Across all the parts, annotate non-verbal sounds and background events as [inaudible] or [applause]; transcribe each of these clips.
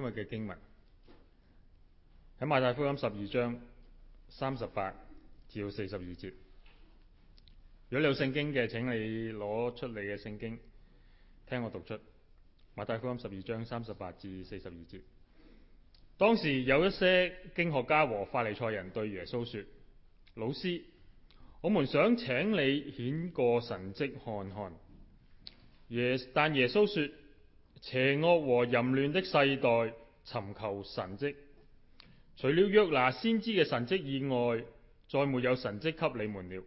今日嘅經文喺馬太福音十二章三十八至四十二節，如果你有聖經嘅，請你攞出你嘅聖經聽我讀出馬太福音十二章三十八至四十二節。當時有一些經學家和法利賽人對耶穌說：「老師，我們想請你顯個神跡看看。耶但耶穌說。邪惡和淫亂的世代尋求神迹，除了約拿先知嘅神迹以外，再沒有神迹給你們了。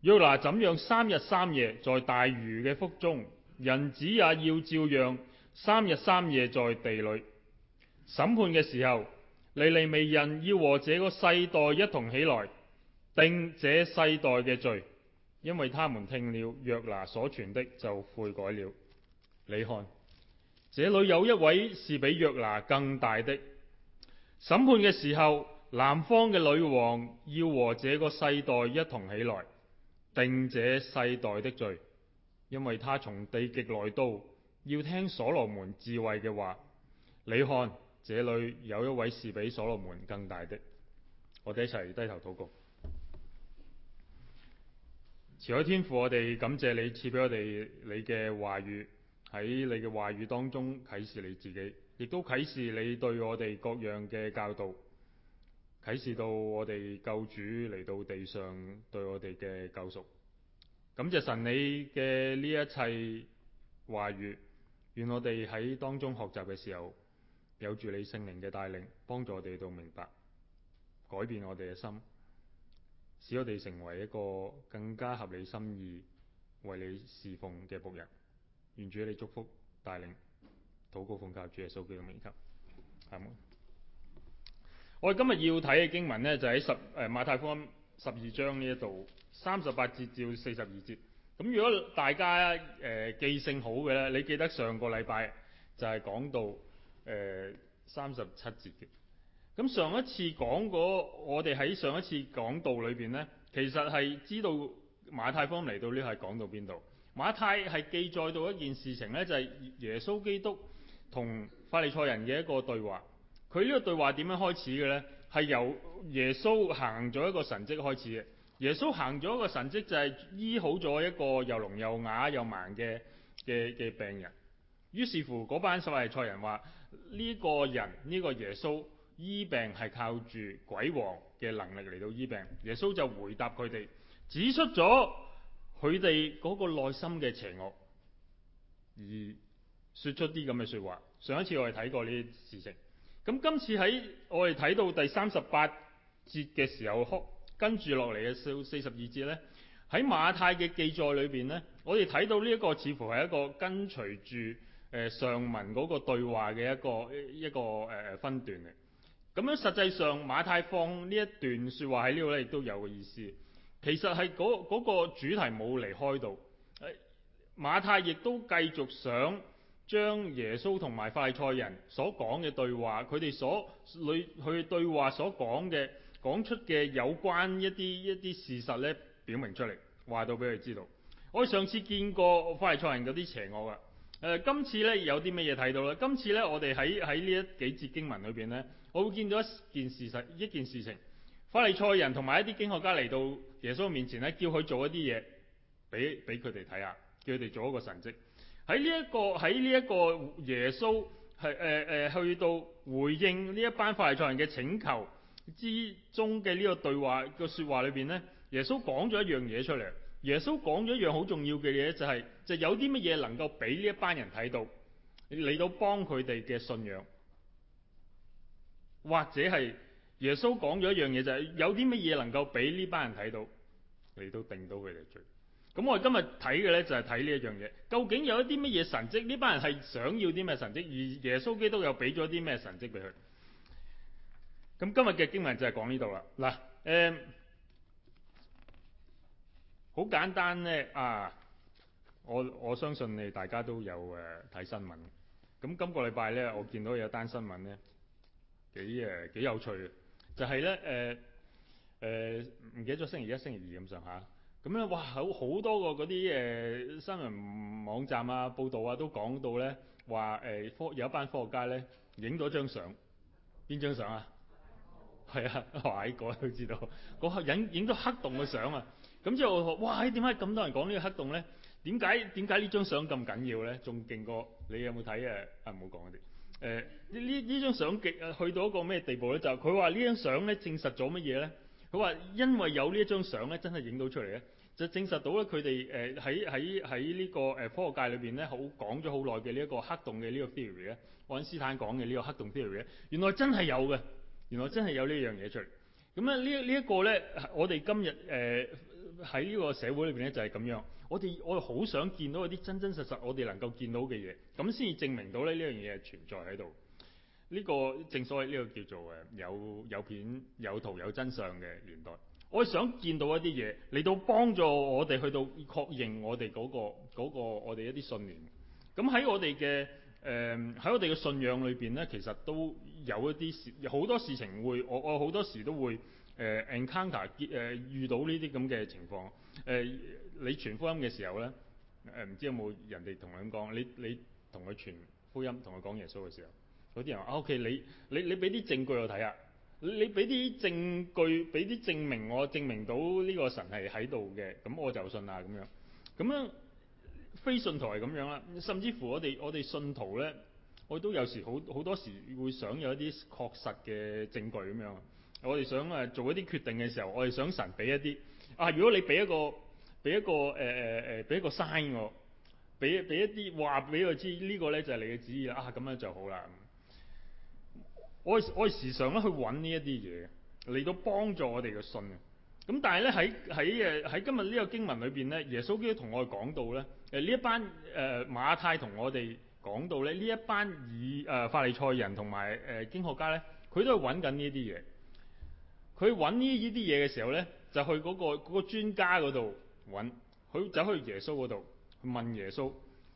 約拿怎樣三日三夜在大魚嘅腹中，人子也要照樣三日三夜在地裏。審判嘅時候，尼尼微人要和這個世代一同起來定這世代嘅罪，因為他們聽了約拿所傳的就悔改了。你看，這裏有一位是比約拿更大的。審判嘅時候，南方嘅女王要和這個世代一同起來，定這世代的罪，因為他從地極來到，要聽所羅門智慧嘅話。你看，這裏有一位是比所羅門更大的。我哋一齊低頭禱告。慈海天父我們，我哋感謝你賜俾我哋你嘅話語。喺你嘅話語當中啟示你自己，亦都啟示你對我哋各樣嘅教導，啟示到我哋救主嚟到地上對我哋嘅救贖。感謝神你嘅呢一切話語，願我哋喺當中學習嘅時候，有住你聖靈嘅帶領，幫助我哋到明白，改變我哋嘅心，使我哋成為一個更加合理心意為你侍奉嘅僕人。願主你祝福帶領。禱告奉教主耶穌基督名求，係、嗯、冇？我哋今日要睇嘅經文咧，就喺、是、十誒馬太福音十二章呢一度三十八節至四十二節。咁如果大家誒、呃、記性好嘅咧，你記得上個禮拜就係講到誒、呃、三十七節嘅。咁上一次講過我哋喺上一次講道裏邊咧，其實係知道馬太福音嚟到呢係講到邊度？馬太係記載到一件事情，呢就係、是、耶穌基督同法利賽人嘅一個對話。佢呢個對話點樣開始嘅呢？係由耶穌行咗一個神蹟開始嘅。耶穌行咗一個神蹟就係醫好咗一個又聾又啞又盲嘅嘅嘅病人。於是乎，嗰班法利賽人話：呢、這個人呢、這個耶穌醫病係靠住鬼王嘅能力嚟到醫病。耶穌就回答佢哋，指出咗佢哋嗰個內心嘅邪惡而説出啲咁嘅説話。上一次我哋睇過呢啲事情，咁今次喺我哋睇到第三十八節嘅時候，跟住落嚟嘅四四十二節呢，喺馬太嘅記載裏邊呢，我哋睇到呢一個似乎係一個跟隨住誒上文嗰個對話嘅一個一個誒分段嚟。咁樣實際上馬太放呢一段説話喺呢度呢，亦都有個意思，其實係嗰個主題冇離開到，馬太亦都繼續想將耶穌同埋法利賽人所講嘅對話，佢哋所裏去對話所講嘅講出嘅有關一啲一啲事實呢，表明出嚟，話到俾佢知道。我上次見過法利賽人嗰啲邪惡噶，今次呢有啲乜嘢睇到啦？今次呢，我哋喺喺呢一幾節經文裏邊呢，我會見到一件事實，一件事情。法利賽人同埋一啲經學家嚟到耶穌面前咧，叫佢做一啲嘢，俾俾佢哋睇下，叫佢哋做一個神蹟。喺呢一個喺呢一個耶穌係誒誒，去到回應呢一班法利賽人嘅請求之中嘅呢個對話嘅說話裏邊咧，耶穌講咗一樣嘢出嚟。耶穌講咗一樣好重要嘅嘢、就係，就係、係、就有啲乜嘢能夠俾呢一班人睇到，嚟到幫佢哋嘅信仰，或者係。耶穌講咗一樣嘢，就係、是、有啲乜嘢能夠俾呢班人睇到，你都定到佢哋罪。咁我哋今日睇嘅呢，就係睇呢一樣嘢，究竟有一啲乜嘢神蹟？呢班人係想要啲咩神蹟？而耶穌基督又俾咗啲咩神蹟俾佢？咁今日嘅經文就係講呢度啦。嗱，誒、呃，好簡單呢。啊！我我相信你大家都有誒睇、呃、新聞。咁今個禮拜呢，我見到有單新聞呢，幾誒幾有趣。就係、是、咧，誒、呃、誒，唔、呃、記得咗星期一、星期二咁上下，咁樣哇，好好多個嗰啲誒新聞網站啊、報道啊，都講到咧話誒科有一班科學家咧影咗張相，邊張相啊？係啊，喺疑過知道，嗰個影影咗黑洞嘅相啊，咁之後我話：哇！點解咁多人講呢個黑洞咧？點解點解呢張相咁緊要咧？仲勁過你有冇睇誒？啊，唔好講嗰啲。誒呢呢呢張相極誒去到一個咩地步咧？就佢話呢張相咧證實咗乜嘢咧？佢話因為有呢一張相咧，真係影到出嚟咧，就證實到咧佢哋誒喺喺喺呢個誒科學界裏邊咧，好講咗好耐嘅呢一個黑洞嘅呢個 theory 咧，愛因斯坦講嘅呢個黑洞 theory 咧，原來真係有嘅，原來真係有呢樣嘢出嚟。咁啊呢呢一個咧，我哋今日誒。呃喺呢個社會裏邊咧，就係咁樣。我哋我哋好想見到一啲真真實實，我哋能夠見到嘅嘢，咁先至證明到咧呢樣嘢係存在喺度。呢、這個正所謂呢個叫做誒有有片有圖有真相嘅年代。我哋想見到一啲嘢嚟到幫助我哋去到確認我哋嗰、那個嗰、那個我哋一啲信念。咁喺我哋嘅誒喺我哋嘅信仰裏邊呢，其實都有一啲事好多事情會我我好多時都會。誒、呃、encounter 結、呃、遇到呢啲咁嘅情況，誒、呃、你傳福音嘅時候咧，誒、呃、唔知有冇人哋同你咁講，你你同佢傳福音，同佢講耶穌嘅時候，有啲人話：「OK，你你你俾啲證據我睇下，你俾啲證據，俾啲證明，我證明到呢個神係喺度嘅，咁我就信啦。」咁樣，咁樣非信徒係咁樣啦。甚至乎我哋我哋信徒咧，我都有時好好多時會想有一啲確實嘅證據咁樣。我哋想誒做一啲決定嘅時候，我哋想神俾一啲啊。如果你俾一個俾一個誒誒誒俾一個 sign 我，俾俾一啲話俾我知呢個咧就係你嘅旨意啦。啊，咁樣就好啦。我我時常咧去搵呢一啲嘢嚟到幫助我哋嘅信。咁但係咧喺喺誒喺今日呢個經文裏邊咧，耶穌基督同我哋講到咧誒呢一班誒、呃、馬太同我哋講到咧呢一班以誒、呃、法利賽人同埋誒經學家咧，佢都係搵緊呢一啲嘢。佢揾呢呢啲嘢嘅時候呢，就去嗰個、嗰個專家嗰度揾，佢走去耶穌嗰度去問耶穌，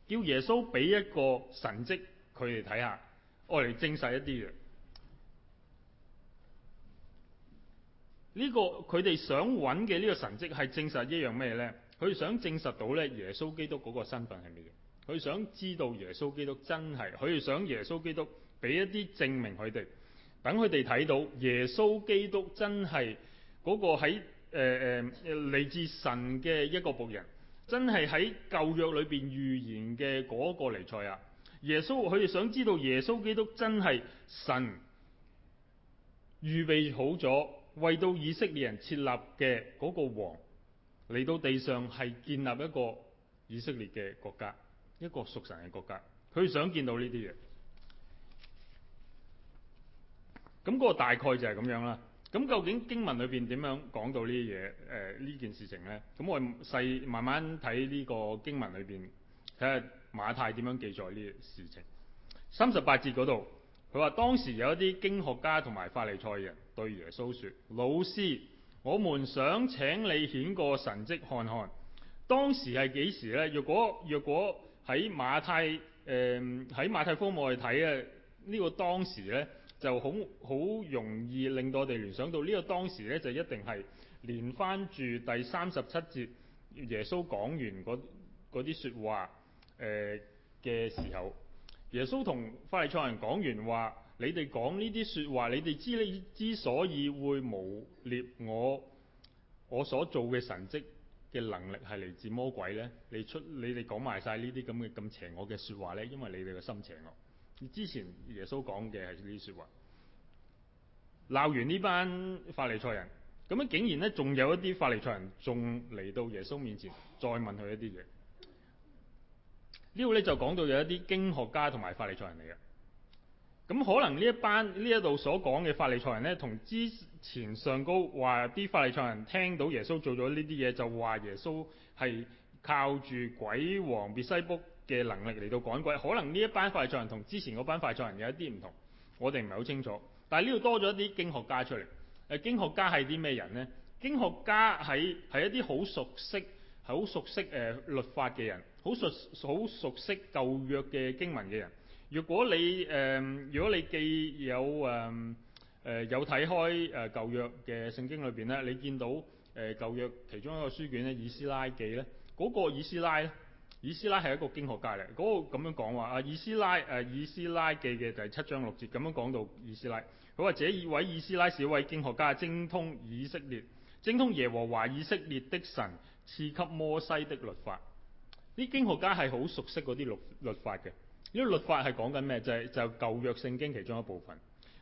叫耶穌俾一個神蹟佢哋睇下，我嚟證實一啲嘢。呢個佢哋想揾嘅呢個神蹟係證實一樣咩呢？佢想證實到呢耶穌基督嗰個身份係咩嘢？佢想知道耶穌基督真係，佢想耶穌基督俾一啲證明佢哋。等佢哋睇到耶穌基督真係嗰個喺誒誒嚟自神嘅一個僕人，真係喺舊約裏邊預言嘅嗰個彌賽亞。耶穌佢哋想知道耶穌基督真係神預備好咗為到以色列人設立嘅嗰個王嚟到地上係建立一個以色列嘅國家，一個屬神嘅國家。佢想見到呢啲嘢。咁、嗰個大概就係咁樣啦。咁究竟經文裏面點樣講到呢啲嘢？呢件事情呢，咁我細慢慢睇呢個經文裏面，睇下馬太點樣記載呢啲事情。三十八節嗰度，佢話當時有一啲經學家同埋法利賽人對耶穌説：「老師，我們想請你顯個神跡看看。當時係幾時呢？若果若果喺馬太誒喺、呃、馬太福音去睇呢個當時呢。」就好好容易令到我哋聯想到呢個當時咧，就一定係連翻住第三十七節耶穌講完嗰啲說話誒嘅、呃、時候，耶穌同法利賽人講完話，你哋講呢啲說話，你哋知你之所以會誣蔑我我所做嘅神蹟嘅能力係嚟自魔鬼咧，你出你哋講埋晒呢啲咁嘅咁邪惡嘅說話咧，因為你哋嘅心邪惡。之前耶穌講嘅係呢啲説話，鬧完呢班法利賽人，咁樣竟然咧，仲有一啲法利賽人仲嚟到耶穌面前再問佢一啲嘢。呢度咧就講到有一啲經學家同埋法利賽人嚟嘅。咁可能呢一班呢一度所講嘅法利賽人咧，同之前上高話啲法利賽人聽到耶穌做咗呢啲嘢，就話耶穌係靠住鬼王別西卜嘅能力嚟到趕鬼，可能呢一班快藏人同之前嗰班快藏人有一啲唔同，我哋唔係好清楚。但係呢度多咗一啲經學家出嚟。誒，經學家係啲咩人呢？經學家係係一啲好熟悉、好熟悉誒、呃、律法嘅人，好熟、好熟悉舊約嘅經文嘅人。如果你誒、呃，如果你既有誒誒、呃、有睇開誒舊約嘅聖經裏邊咧，你見到誒、呃、舊約其中一個書卷咧，以斯拉記咧，嗰、那個以斯拉咧。以斯拉係一個經學家嚟，嗰、那個咁樣講話啊。以斯拉誒、啊、以斯拉記嘅第七章六節咁樣講到以斯拉，佢話這位以斯拉是一位經學家，精通以色列，精通耶和華以色列的神賜給摩西的律法。啲經學家係好熟悉嗰啲律律法嘅，呢、這個、律法係講緊咩？就係、是、就是、舊約聖經其中一部分。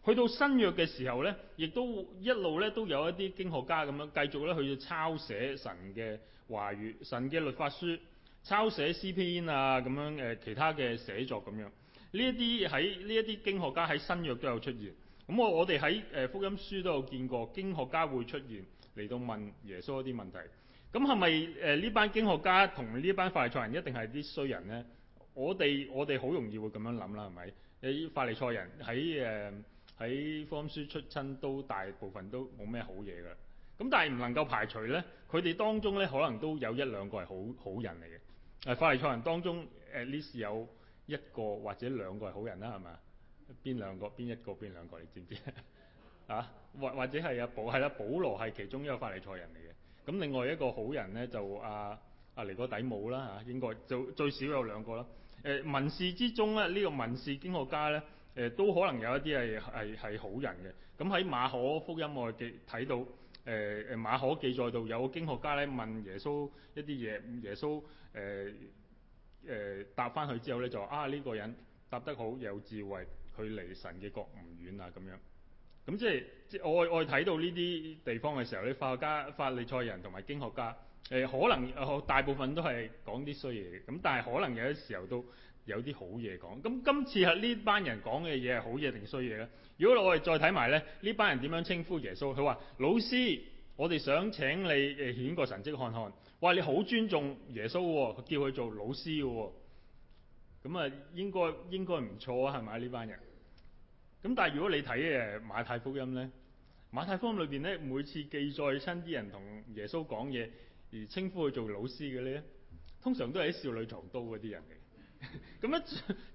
去到新約嘅時候呢，亦都一路呢，都有一啲經學家咁樣繼續呢，去抄寫神嘅話語、神嘅律法書。抄寫詩篇啊，咁樣其他嘅寫作咁樣，呢一啲喺呢一啲經學家喺新約都有出現。咁我我哋喺福音書都有見過經學家會出現嚟到問耶穌一啲問題。咁係咪呢班經學家同呢班法利賽人一定係啲衰人呢？我哋我哋好容易會咁樣諗啦，係咪？喺法利賽人喺喺福音書出親都大部分都冇咩好嘢㗎。咁但係唔能夠排除呢，佢哋當中呢可能都有一兩個係好好人嚟嘅。誒法利賽人當中誒呢是有一個或者兩個係好人啦，係咪？邊兩個？邊一個？邊兩個？你知唔知啊？或或者係阿、啊、保係啦、啊，保羅係其中一個法利賽人嚟嘅。咁另外一個好人咧就阿、啊、阿、啊、尼哥底母啦嚇，應該就，就最少有兩個啦。誒文士之中咧呢、這個文士經學家咧誒、呃、都可能有一啲係係係好人嘅。咁喺馬可福音我哋睇到。誒誒馬可記載到有個經學家咧問耶穌一啲嘢，耶穌誒誒、嗯嗯、答翻佢之後咧就話啊呢、這個人答得好有智慧，佢離神嘅國唔遠啊咁樣。咁即係即係我我睇到呢啲地方嘅時候，啲法學家、法利賽人同埋經學家、嗯、可能大部分都係講啲衰嘢嘅，咁但係可能有啲時候都有啲好嘢講，咁今次係呢班人講嘅嘢係好嘢定衰嘢咧？如果我哋再睇埋咧，呢班人點樣稱呼耶穌？佢話老師，我哋想請你顯個神跡看看。哇，你好尊重耶穌喎，叫佢做老師喎，咁啊應該應該唔錯啊，係咪呢班人？咁但係如果你睇誒馬太福音咧，馬太福音裏面咧每次記載親啲人同耶穌講嘢而稱呼佢做老師嘅咧，通常都係笑裏藏刀嗰啲人嘅。咁樣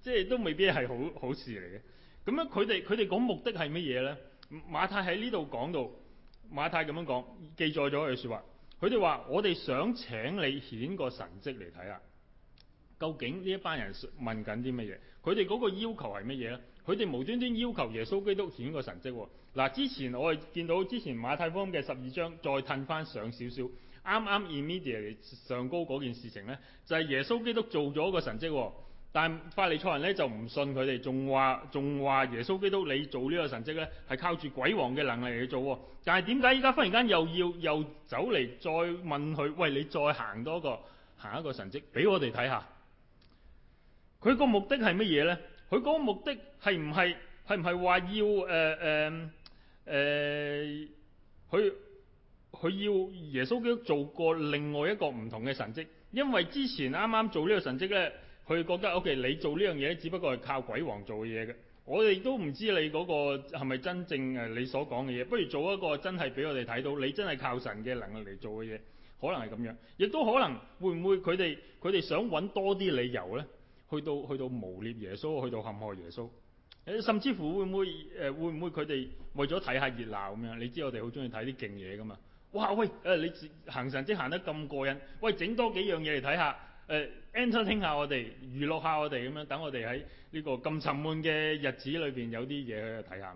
即係都未必係好好事嚟嘅。咁樣佢哋佢哋講目的係乜嘢呢？馬太喺呢度講到馬太咁樣講，記載咗佢說話。佢哋話：我哋想請你顯個神跡嚟睇下。究竟呢一班人問緊啲乜嘢？佢哋嗰個要求係乜嘢呢？佢哋無端端要求耶穌基督顯個神跡喎。嗱，之前我哋見到之前馬太福音嘅十二章，再褪翻上少少。啱啱 immediate 上高嗰件事情呢，就係、是、耶穌基督做咗個神蹟喎。但法利賽人呢，就唔信佢哋，仲話仲話耶穌基督你做呢個神蹟呢，係靠住鬼王嘅能力嚟做。但係點解依家忽然間又要又走嚟再問佢？喂，你再行多個行一個神蹟俾我哋睇下。佢個目的係乜嘢呢？佢個目的係唔係係唔係話要誒誒佢？呃呃呃佢要耶穌基督做過另外一個唔同嘅神蹟，因為之前啱啱做呢個神蹟呢，佢覺得 OK，你做呢樣嘢只不過係靠鬼王做嘅嘢嘅，我哋都唔知你嗰個係咪真正誒你所講嘅嘢，不如做一個真係俾我哋睇到，你真係靠神嘅能力嚟做嘅嘢，可能係咁樣，亦都可能會唔會佢哋佢哋想揾多啲理由呢？去到去到污蔑耶穌，去到陷害耶穌，甚至乎會唔會誒、呃、會唔會佢哋為咗睇下熱鬧咁樣，你知我哋好中意睇啲勁嘢噶嘛？哇！喂，呃，你行神跡行得咁過癮，喂，整多幾樣嘢嚟睇下，呃，entertain 下我哋，娛樂下我哋咁樣，等我哋喺呢個咁沉悶嘅日子裏面，有啲嘢去睇下。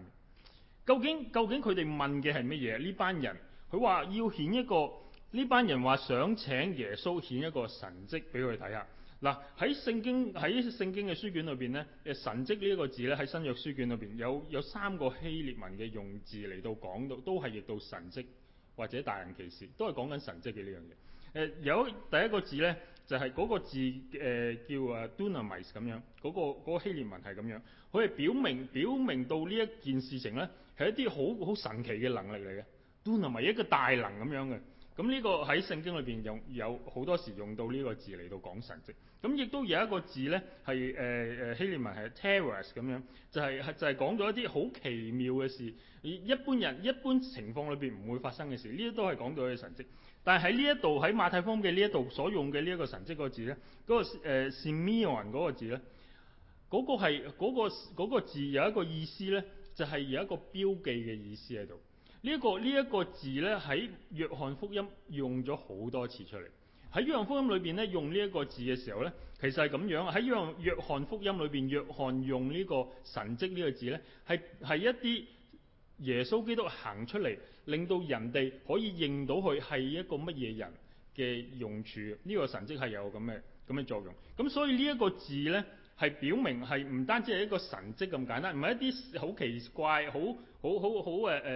究竟究竟佢哋問嘅係乜嘢？呢班人佢話要顯一個，呢班人話想請耶穌顯一個神跡俾佢睇下。嗱，喺聖經喺聖經嘅書卷裏面呢，神跡呢一個字呢，喺新約書卷裏面有有三個希臘文嘅用字嚟到講到都係譯到神跡。或者大人奇事，都係講緊神蹟嘅呢樣嘢。誒、呃，有第一個字咧，就係、是、嗰個字誒、呃、叫啊 Dunamis 咁樣。嗰、那個嗰、那個希臘文係咁樣，佢係表明表明到呢一件事情咧係一啲好好神奇嘅能力嚟嘅。 [music] Dunamis 一個大能咁樣嘅。咁呢個喺聖經裏面用有好多時用到呢個字嚟到講神蹟，咁亦都有一個字咧係、呃、希臘文係 teras 咁樣，就係、是、就係、是、講咗一啲好奇妙嘅事，一般人一般情況裏面唔會發生嘅事，呢啲都係講到嘅神蹟。但係喺呢一度喺馬太福音嘅呢一度所用嘅呢一個神蹟、嗰個呃、個字咧，嗰、嗰個 semeion 嗰個字咧，嗰、嗰個係嗰個嗰字有一個意思咧，就係、是、有一個標記嘅意思喺度。呢一個呢一個字咧，喺約翰福音用咗好多次出嚟。喺約翰福音裏邊咧，用呢一個字嘅時候咧，其實係咁樣。喺約約翰福音裏邊，約翰用呢個神蹟呢個字咧，係係一啲耶穌基督行出嚟，令到人哋可以認到佢係一個乜嘢人嘅用處。呢個神蹟係有咁嘅咁嘅作用。咁所以呢一個字咧，係表明係唔單止係一個神蹟咁簡單，唔係一啲好奇怪好，很好好好，誒誒誒誒，異、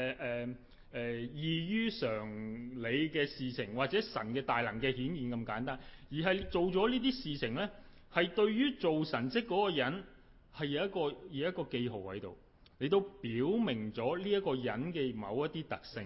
呃、於、呃呃、常理嘅事情，或者神嘅大能嘅顯現咁簡單，而係做咗呢啲事情咧，係對於做神蹟嗰個人係有一個有一個記號喺度，你都表明咗呢一個人嘅某一啲特性。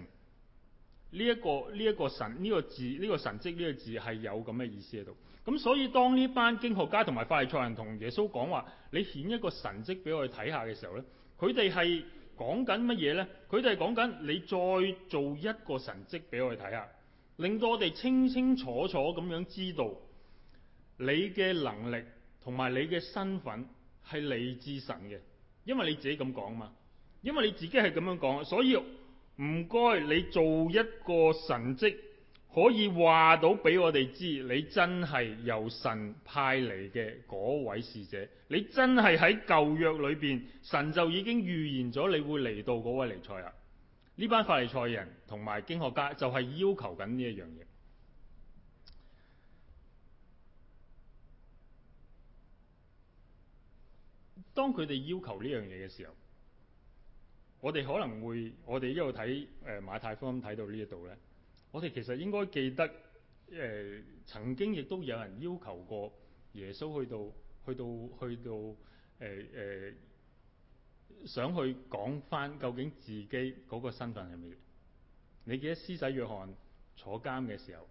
呢、這、一個呢一、這個神呢、這個字呢、這個神蹟呢、這個字係有咁嘅意思喺度。咁所以當呢班經學家同埋法利賽人同耶穌講話，你顯一個神蹟俾我哋睇下嘅時候咧，佢哋係。講緊乜嘢呢？佢哋係講緊你再做一個神蹟俾我哋睇下，令到我哋清清楚楚咁樣知道你嘅能力同埋你嘅身份係你之神嘅，因為你自己咁講嘛，因為你自己係咁樣講，所以唔該你做一個神蹟。可以話到俾我哋知，你真係由神派嚟嘅嗰位使者，你真係喺舊約裏邊，神就已經預言咗你會嚟到嗰位彌賽亞。呢班法利賽人同埋經學家就係要求緊呢一樣嘢。當佢哋要求呢樣嘢嘅時候，我哋可能會，我哋一路睇誒馬太福音，睇到呢一度呢。我哋其實應該記得，誒、呃、曾經亦都有人要求過耶穌去到去到去到誒誒、呃呃，想去講返究竟自己嗰個身份係咩？你記得施洗約翰坐監嘅時候，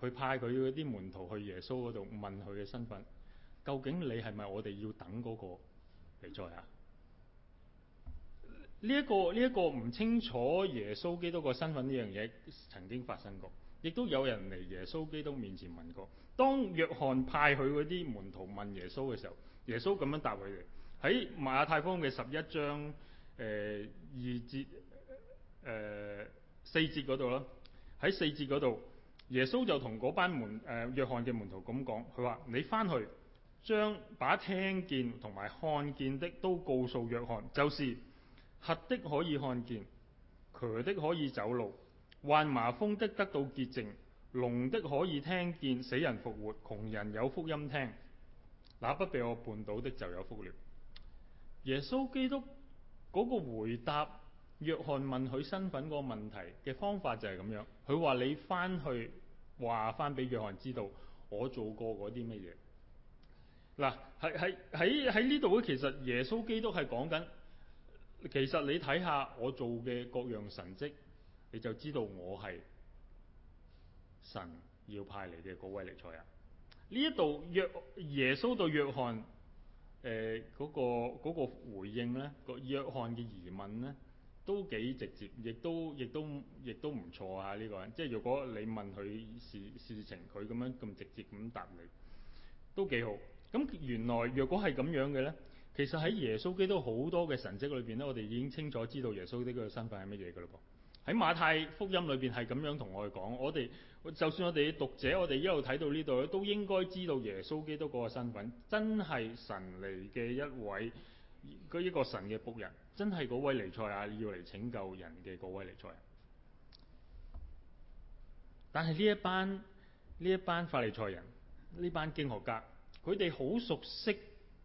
佢派佢嗰啲門徒去耶穌嗰度問佢嘅身份，究竟你係咪我哋要等嗰個嚟再啊？呢一個呢一個唔清楚耶穌基督個身份呢樣嘢曾經發生過，亦都有人嚟耶穌基督面前問過。當約翰派佢嗰啲門徒問耶穌嘅時候，耶穌咁樣答佢哋，喺馬太福音嘅十一章誒、呃、二節誒、呃、四節嗰度啦。喺四節嗰度，耶穌就同嗰班門誒、呃、約翰嘅門徒咁講，佢話：你返去將把聽見同埋看見的都告訴約翰，就是。瞎的可以看見，瘸的可以走路，患麻風的得到潔淨，聾的可以聽見，死人復活，窮人有福音聽，那不被我絆倒的就有福了。耶穌基督嗰個回答約翰問佢身份個問題嘅方法就係咁樣，佢話你翻去話翻俾約翰知道，我做過嗰啲乜嘢。嗱，喺喺喺喺呢度咧，其實耶穌基督係講緊。其實你睇下我做嘅各樣神蹟，你就知道我係神要派嚟嘅嗰位力才啊！呢一度約耶穌對約翰，誒、呃、嗰、嗰個、嗰個回應咧，嗰個約翰嘅疑問咧，都幾直接，亦都亦都亦都唔錯啊！呢、這個人，即係若果你問佢事事情，佢咁樣咁直接咁答你，都幾好。咁原來若果係咁樣嘅咧？其實喺耶穌基督好多嘅神蹟裏邊咧，我哋已經清楚知道耶穌基督嘅身份係乜嘢噶啦噃。喺馬太福音裏邊係咁樣同我哋講，我哋就算我哋嘅讀者，我哋一路睇到呢度咧，都應該知道耶穌基督嗰個身份真係神嚟嘅一位，嗰一個神嘅僕人，真係嗰位彌賽亞要嚟拯救人嘅嗰位彌賽亞。但係呢一班呢一班法利賽人，呢班經學家，佢哋好熟悉。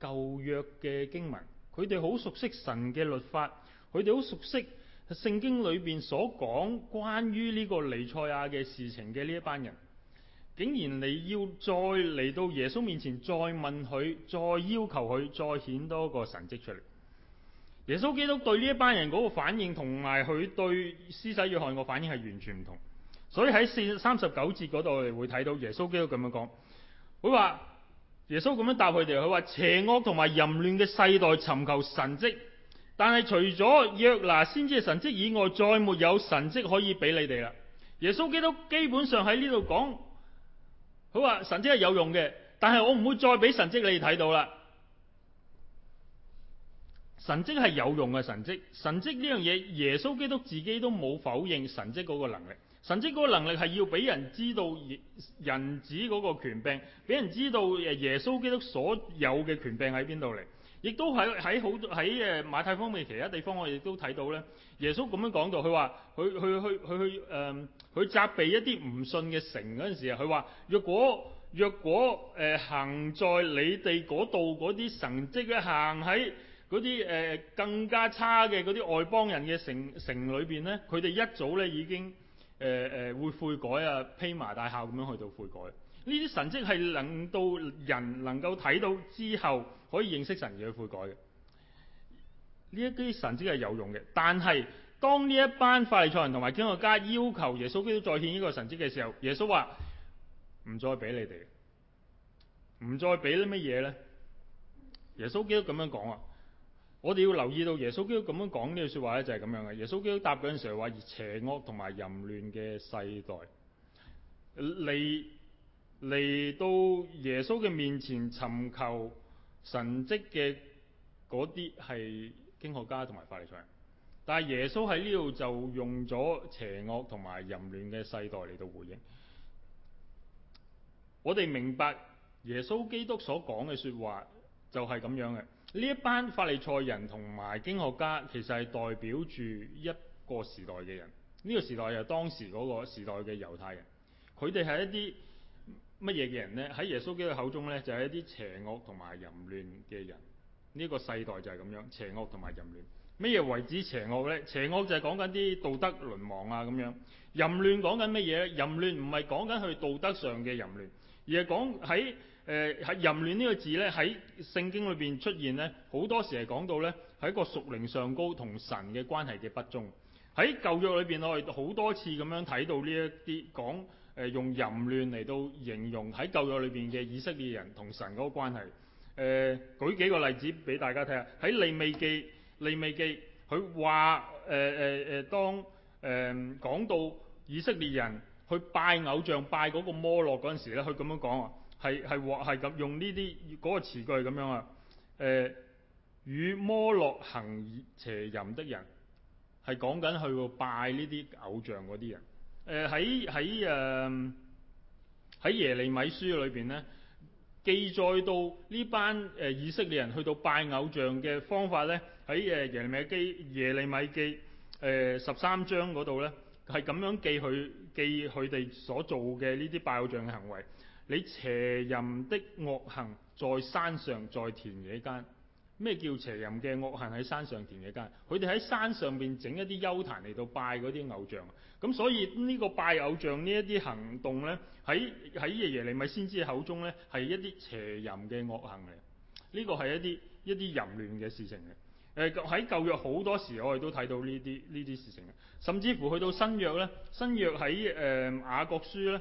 舊約嘅經文，佢哋好熟悉神嘅律法，佢哋好熟悉聖經裏邊所講關於呢個彌賽亞嘅事情嘅呢一班人，竟然你要再嚟到耶穌面前，再問佢，再要求佢，再顯多個神蹟出嚟。耶穌基督對呢一班人嗰個反應，同埋佢對施洗約翰個反應係完全唔同。所以喺四三十九節嗰度，我哋會睇到耶穌基督咁樣講，佢話。耶穌咁樣答佢哋，佢話，邪惡同埋淫亂嘅世代尋求神蹟，但係除咗約拿先知嘅神蹟以外，再沒有神蹟可以俾你哋啦。耶穌基督基本上喺呢度講，佢話神蹟係有用嘅，但係我唔會再俾神蹟你睇到啦。神蹟係有用嘅神蹟，神蹟呢樣嘢，耶穌基督自己都冇否認神蹟嗰個能力。神蹟嗰個能力係要俾人知道人子嗰個權柄，俾人知道耶穌基督所有嘅權柄喺邊度嚟。亦都喺喺好喺誒馬太方面其他地方，我亦都睇到咧。耶穌咁樣講到，佢話佢佢去去去誒，佢、呃、責備一啲唔信嘅城嗰陣時，佢話若果若果誒、呃、行在你哋嗰度嗰啲神蹟咧，行喺嗰啲誒更加差嘅嗰啲外邦人嘅城城裏邊咧，佢哋一早咧已經。誒、呃、誒，會悔改啊，披麻戴孝咁樣去到悔改，呢啲神蹟係令到人能夠睇到之後，可以認識神去悔改嘅。呢一啲神蹟係有用嘅，但係當呢一班法利賽人同埋經學家要求耶穌基督再顯呢個神蹟嘅時候，耶穌話唔再俾你哋，唔再俾啲乜嘢咧？耶穌基督咁樣講啊。我哋要留意到耶穌基督咁樣講呢句說話咧，就係咁樣嘅。耶穌基督答嗰陣時話，邪惡同埋淫亂嘅世代嚟嚟到耶穌嘅面前尋求神蹟嘅嗰啲係經學家同埋法利賽人，但係耶穌喺呢度就用咗邪惡同埋淫亂嘅世代嚟到回應。我哋明白耶穌基督所講嘅說話就係咁樣嘅。呢一班法利賽人同埋經學家，其實係代表住一個時代嘅人。呢個時代又當時嗰個時代嘅猶太人。佢哋係一啲乜嘢嘅人呢？喺耶穌基督口中呢，就係一啲邪惡同埋淫亂嘅人。呢個世代就係咁樣，邪惡同埋淫亂。乜嘢為止邪惡呢？邪惡就係講緊啲道德淪亡啊咁樣。淫亂講緊乜嘢？淫亂唔係講緊佢道德上嘅淫亂，而係講喺……誒喺淫亂呢個字呢，喺聖經裏面出現呢，好多時係講到呢，喺個屬靈上高同神嘅關係嘅不忠。喺舊約裏邊，我哋好多次咁樣睇到呢一啲講，誒用淫亂嚟到形容喺舊約裏面嘅以色列人同神嗰個關係。誒、呃、舉幾個例子俾大家聽，喺利未記利未記，佢話誒誒誒，當、呃、講到以色列人去拜偶像拜嗰個摩洛嗰陣時咧，佢咁樣講啊。係係喎，係咁用呢啲嗰個詞句咁樣啊？誒、呃，與摩洛行邪淫的人，係講緊去拜呢啲偶像嗰啲人。誒喺喺誒喺耶利米書裏邊咧，記載到呢班誒以色列人去到拜偶像嘅方法咧，喺誒耶利米基耶利米記誒十三章嗰度咧，係咁樣記佢記佢哋所做嘅呢啲拜偶像嘅行為。你邪淫的惡行在山上，在田野間，咩叫邪淫嘅惡行喺山上田野間？佢哋喺山上邊整一啲丘壇嚟到拜嗰啲偶像，咁所以呢個拜偶像呢一啲行動呢，喺喺耶利米先知口中呢，係一啲邪淫嘅惡行嚟，呢個係一啲一啲淫亂嘅事情嘅。誒，喺舊約好多時我哋都睇到呢啲呢啲事情嘅，甚至乎去到新約呢，新約喺誒、呃、雅各書咧。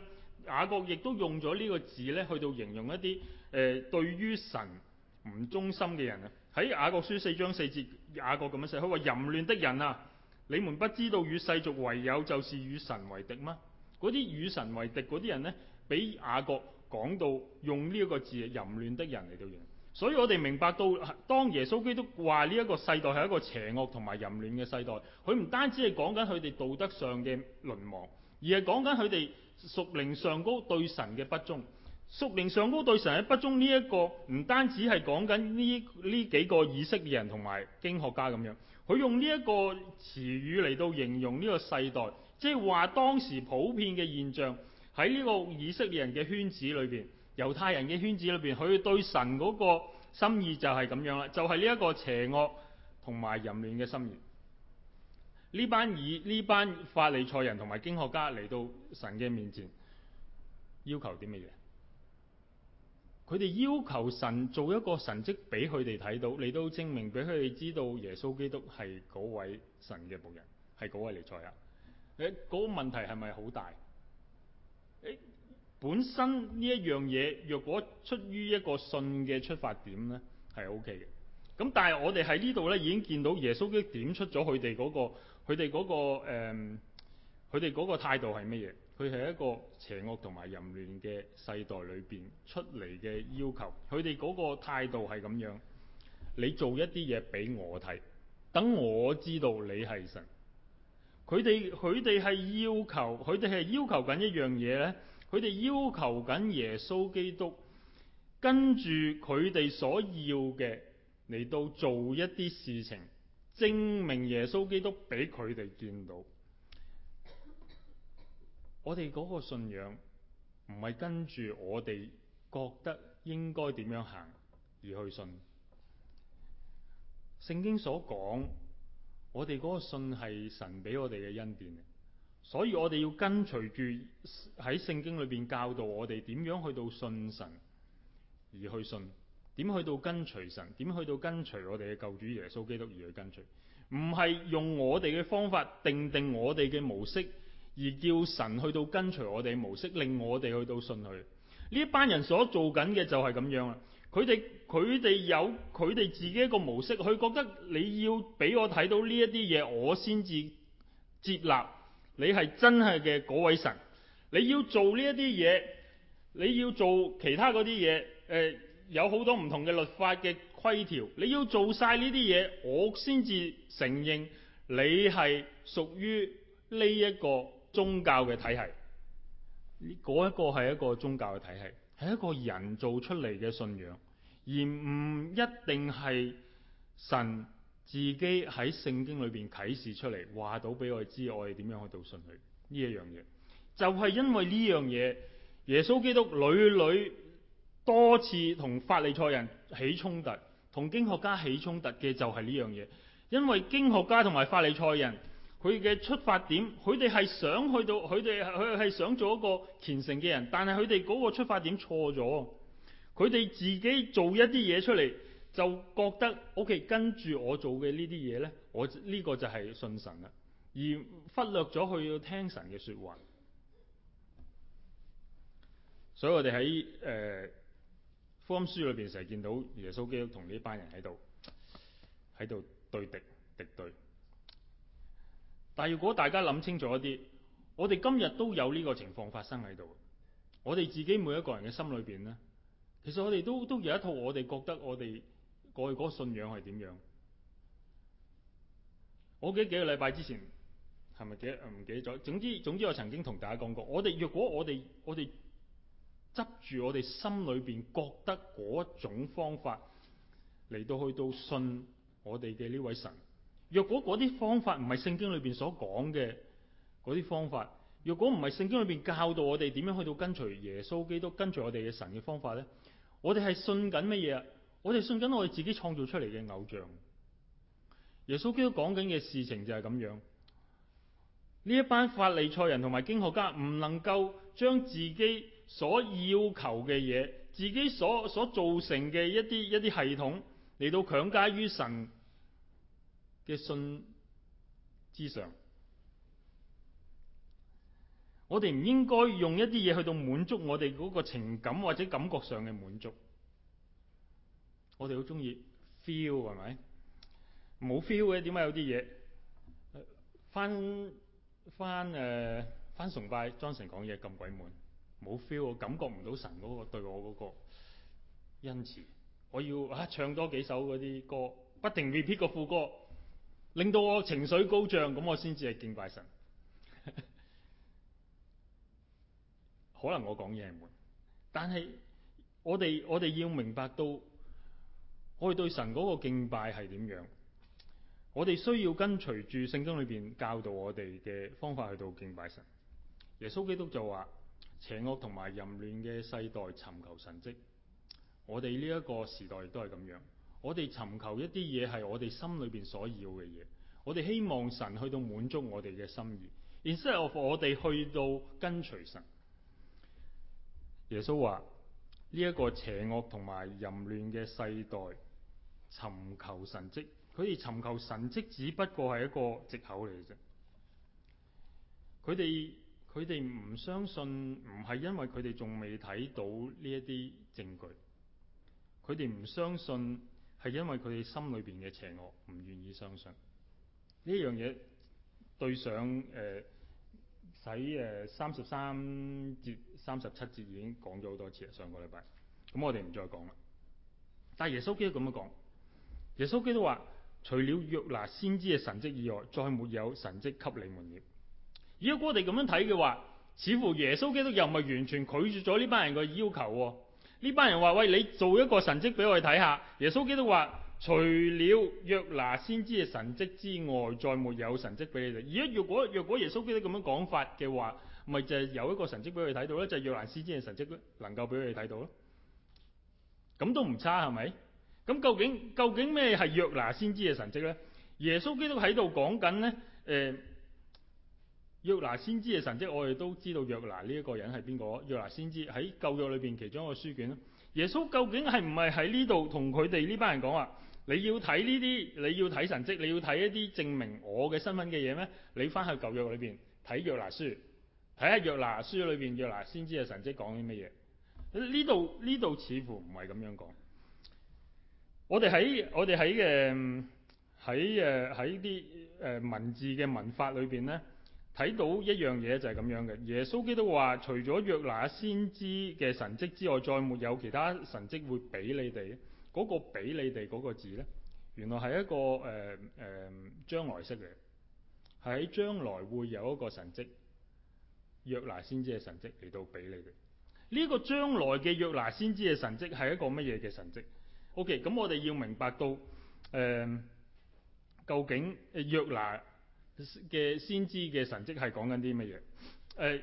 雅各亦都用咗呢個字咧，去到形容一啲誒，對於神唔忠心嘅人啊。喺雅各書四章四節，雅各咁樣寫，佢話淫亂的人啊，你們不知道與世俗為友，就是與神為敵嗎？嗰啲與神為敵嗰啲人呢，俾雅各講到用呢一個字啊，淫亂的人嚟，到形容。所以我哋明白到，當耶穌基督話呢一個世代係一個邪惡同埋淫亂嘅世代，佢唔單止係講緊佢哋道德上嘅淪亡，而係講緊佢哋。屬靈上高對神嘅不忠，屬靈上高對神嘅不忠，呢一個唔單止係講緊呢呢幾個以色列人同埋經學家咁樣，佢用呢一個詞語嚟到形容呢個世代，即係話當時普遍嘅現象喺呢個以色列人嘅圈子裏邊、猶太人嘅圈子裏邊，佢對神嗰個心意就係咁樣啦，就係呢一個邪惡同埋淫亂嘅心意。呢班以呢班法利賽人同埋經學家嚟到神嘅面前，要求啲乜嘢？佢哋要求神做一個神蹟俾佢哋睇到，你都證明俾佢哋知道耶穌基督係嗰位神嘅僕人，係嗰位彌賽亞。誒，嗰個問題係咪好大？誒，本身呢一樣嘢若果出於一個信嘅出發點呢，係 O K 嘅。咁、OK、但係我哋喺呢度呢，已經見到耶穌基督點出咗佢哋嗰個。佢哋嗰個誒，佢哋嗰個態度係乜嘢？佢係一個邪惡同埋淫亂嘅世代裏邊出嚟嘅要求。佢哋嗰個態度係咁樣，你做一啲嘢俾我睇，等我知道你係神。佢哋佢哋係要求，佢哋係要求緊一樣嘢咧。佢哋要求緊耶穌基督，跟住佢哋所要嘅嚟到做一啲事情。證明耶穌基督俾佢哋見到，我哋嗰個信仰唔係跟住我哋覺得應該點樣行而去信。聖經所講，我哋嗰個信係神俾我哋嘅恩典，所以我哋要跟隨住喺聖經裏邊教導我哋點樣去到信神而去信。點去到跟隨神？點去到跟隨我哋嘅救主耶穌基督而去跟隨？唔係用我哋嘅方法定定我哋嘅模式，而叫神去到跟隨我哋模式，令我哋去到信佢。呢一班人所做緊嘅就係咁樣啦。佢哋佢哋有佢哋自己一個模式，佢覺得你要俾我睇到呢一啲嘢，我先至接納你係真係嘅嗰位神。你要做呢一啲嘢，你要做其他嗰啲嘢，誒、呃。有好多唔同嘅律法嘅規條，你要做晒呢啲嘢，我先至承認你是屬於這個宗教的體系，屬於呢一個宗教嘅體系。嗰一個係一個宗教嘅體系，係一個人做出嚟嘅信仰，而唔一定係神自己喺聖經裏邊啟示出嚟話到俾我知，我哋點樣去到信佢呢一樣嘢。就係、是、因為呢樣嘢，耶穌基督屢屢。多次同法利賽人起衝突，同經學家起衝突嘅就係呢樣嘢，因為經學家同埋法利賽人佢嘅出發點，佢哋係想去到，佢哋佢係想做一個虔誠嘅人，但係佢哋嗰個出發點錯咗，佢哋自己做一啲嘢出嚟就覺得，OK，跟住我做嘅呢啲嘢呢，我呢個就係信神啦，而忽略咗佢要聽神嘅說話。所以我哋喺誒。呃福音書裏邊成日見到耶穌基督同呢班人喺度，喺度對敵敵對。但係如果大家諗清楚一啲，我哋今日都有呢個情況發生喺度。我哋自己每一個人嘅心裏邊咧，其實我哋都都有一套我哋覺得我哋過去嗰個信仰係點樣。我記得幾個禮拜之前，係咪記唔記得咗？總之總之，我曾經同大家講過，我哋若果我哋我哋。執住我哋心裏邊覺得嗰種方法嚟，到去到信我哋嘅呢位神，若果嗰啲方法唔係聖經裏邊所講嘅嗰啲方法，若果唔係聖經裏邊教導我哋點樣去到跟隨耶穌基督，跟隨我哋嘅神嘅方法呢？我哋係信緊乜嘢啊我哋信緊我哋自己創造出嚟嘅偶像。耶穌基督講緊嘅事情就係咁樣，呢一班法利賽人同埋經學家唔能夠將自己。所要求嘅嘢，自己所所造成嘅一啲一啲系統嚟到強加於神嘅信之上，我哋唔應該用一啲嘢去到滿足我哋嗰個情感或者感覺上嘅滿足。我哋好中意 feel 係咪？冇 feel 嘅，點解有啲嘢、呃、翻翻誒、呃、翻崇拜莊臣講嘢咁鬼悶？冇 feel，我感覺唔到神嗰個對我嗰個恩慈。我要啊唱多幾首嗰啲歌，不停 repeat 個副歌，令到我情緒高漲，咁我先至係敬拜神。 [laughs] 可能我講嘢係悶，但係我哋我哋要明白到我哋對神嗰個敬拜係點樣。我哋需要跟隨住聖經裏邊教導我哋嘅方法去到敬拜神。耶穌基督就話。邪惡同埋淫亂嘅世代尋求神蹟，我哋呢一個時代都係咁樣。我哋尋求一啲嘢，係我哋心裏邊所要嘅嘢，我哋希望神去到滿足我哋嘅心意。Instead of 我哋去到跟隨神，耶穌話呢一個邪惡同埋淫亂嘅世代尋求神蹟，佢哋尋求神蹟只不過係一個借口嚟嘅啫。佢哋。佢哋唔相信，唔係因為佢哋仲未睇到呢一啲證據，佢哋唔相信係因為佢哋心裏邊嘅邪惡唔願意相信呢樣嘢。對上誒，喺誒三十三節三十七節已經講咗好多次啦，上個禮拜，咁我哋唔再講啦。但係耶穌基督咁樣講，耶穌基督話除了約拿先知嘅神蹟以外，再沒有神蹟給你們了。如果我哋咁樣睇嘅話，似乎耶穌基督又唔係完全拒絕咗呢班人嘅要求。呢班人話：喂，你做一個神蹟俾我哋睇下。耶穌基督話：除了約拿先知嘅神蹟之外，再沒有神蹟俾你哋。而如果若果耶穌基督咁樣講法嘅話，咪就係有一個神蹟俾佢睇到咧，就係、是、約拿先知嘅神蹟能夠俾佢哋睇到咯。咁都唔差，係咪？咁究竟究竟咩係約拿先知嘅神蹟咧？耶穌基督喺度講緊咧，誒、呃。約拿先知嘅神迹，我哋都知道約拿呢一個人係邊個？約拿先知喺舊約裏邊其中一個書卷。耶穌究竟係唔係喺呢度同佢哋呢班人講話？你要睇呢啲，你要睇神迹，你要睇一啲證明我嘅身份嘅嘢咩？你翻去舊約裏邊睇約拿書，睇下約拿書裏邊約拿先知嘅神迹講啲乜嘢？呢度呢度似乎唔係咁樣講。我哋喺我哋喺嘅喺誒喺啲誒文字嘅文法裏邊呢。睇到一樣嘢就係咁樣嘅，耶穌基督話：除咗約拿先知嘅神蹟之外，再沒有其他神蹟會俾你哋。嗰個俾你哋嗰個字呢，原來係一個誒誒將來式嘅，係喺將來會有一個神蹟，約拿先知嘅神蹟嚟到俾你哋。呢個將來嘅約拿先知嘅神蹟係一個乜嘢嘅神蹟？O.K.，咁我哋要明白到誒、呃、究竟約拿。嘅先知嘅神蹟係講緊啲乜嘢？誒，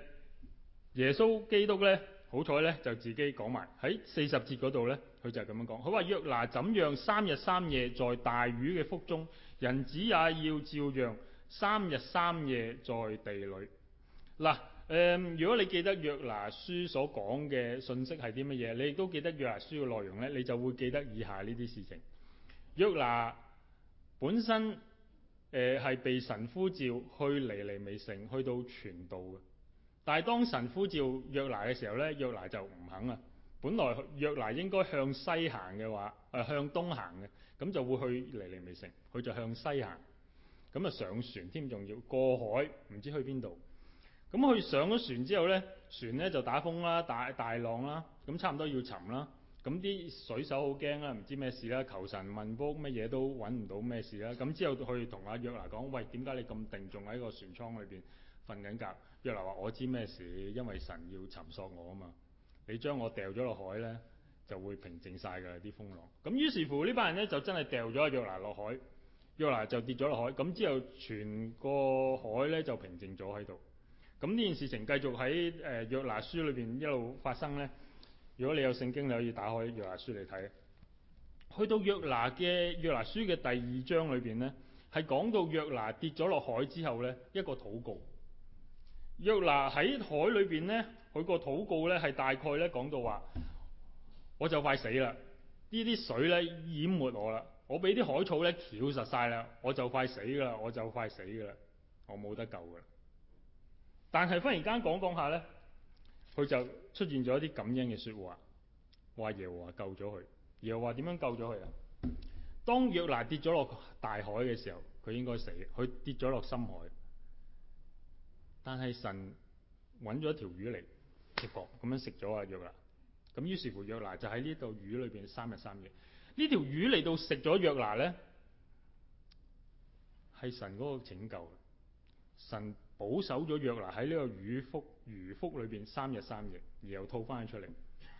耶穌基督咧，好彩咧就自己講埋喺四十節嗰度咧，佢就咁樣講。佢話耶。約拿怎樣三日三夜在大魚嘅腹中，人子也要照樣三日三夜在地裏。嗱，誒，如果你記得耶。約拿書所講嘅信息係啲乜嘢，你亦都記得耶。約拿書嘅內容咧，你就會記得以下呢啲事情。耶。約拿本身。誒、呃、係被神呼召去尼尼微城，去到傳道嘅，但係當神呼召約拿嘅時候咧，約拿就唔肯啊！本來約拿應該向西行嘅話，誒、呃、向東行嘅，咁就會去尼尼微城，佢就向西行，咁啊上船添，仲要過海，唔知去邊度？咁佢上咗船之後咧，船咧就打風啦，大大浪啦，咁差唔多要沉啦。咁啲水手好驚啦，唔知咩事啦，求神問卜，乜嘢都揾唔到咩事啦。咁之後去同阿約拿講：喂，點解你咁定仲喺個船艙裏面瞓緊覺？約拿話：我知咩事，因為神要尋索我啊嘛。你將我掉咗落海呢，就會平靜曬㗎啲風浪。咁於是乎呢班人呢，就真係掉咗阿約拿落海，約拿就跌咗落海。咁之後全個海呢，就平靜咗喺度。咁呢件事情繼續喺誒、呃、約拿書裏面一路發生呢。如果你有聖經，你可以打開約拿書嚟睇。去到約拿嘅約拿書嘅第二章裏邊咧，係講到約拿跌咗落海之後咧，一個禱告。約拿喺海裏邊咧，佢個禱告咧係大概咧講到話：我就快死啦！呢啲水咧淹沒我啦，我俾啲海草咧挾實晒啦，我就快死㗎啦，我就快死㗎啦，我冇得救㗎啦！但係忽然間講講下咧。佢就出現咗一啲感恩嘅說話，話耶和華救咗佢，耶和華點樣救咗佢啊？當約拿跌咗落大海嘅時候，佢應該死，佢跌咗落深海，但係神揾咗條魚嚟食角，咁樣食咗約拿，咁於是乎約拿就喺呢度魚裏邊三日三夜。條呢條魚嚟到食咗約拿咧，係神嗰個拯救，神保守咗約拿喺呢個魚腹。魚腹裏面三日三夜，然後吐翻出嚟。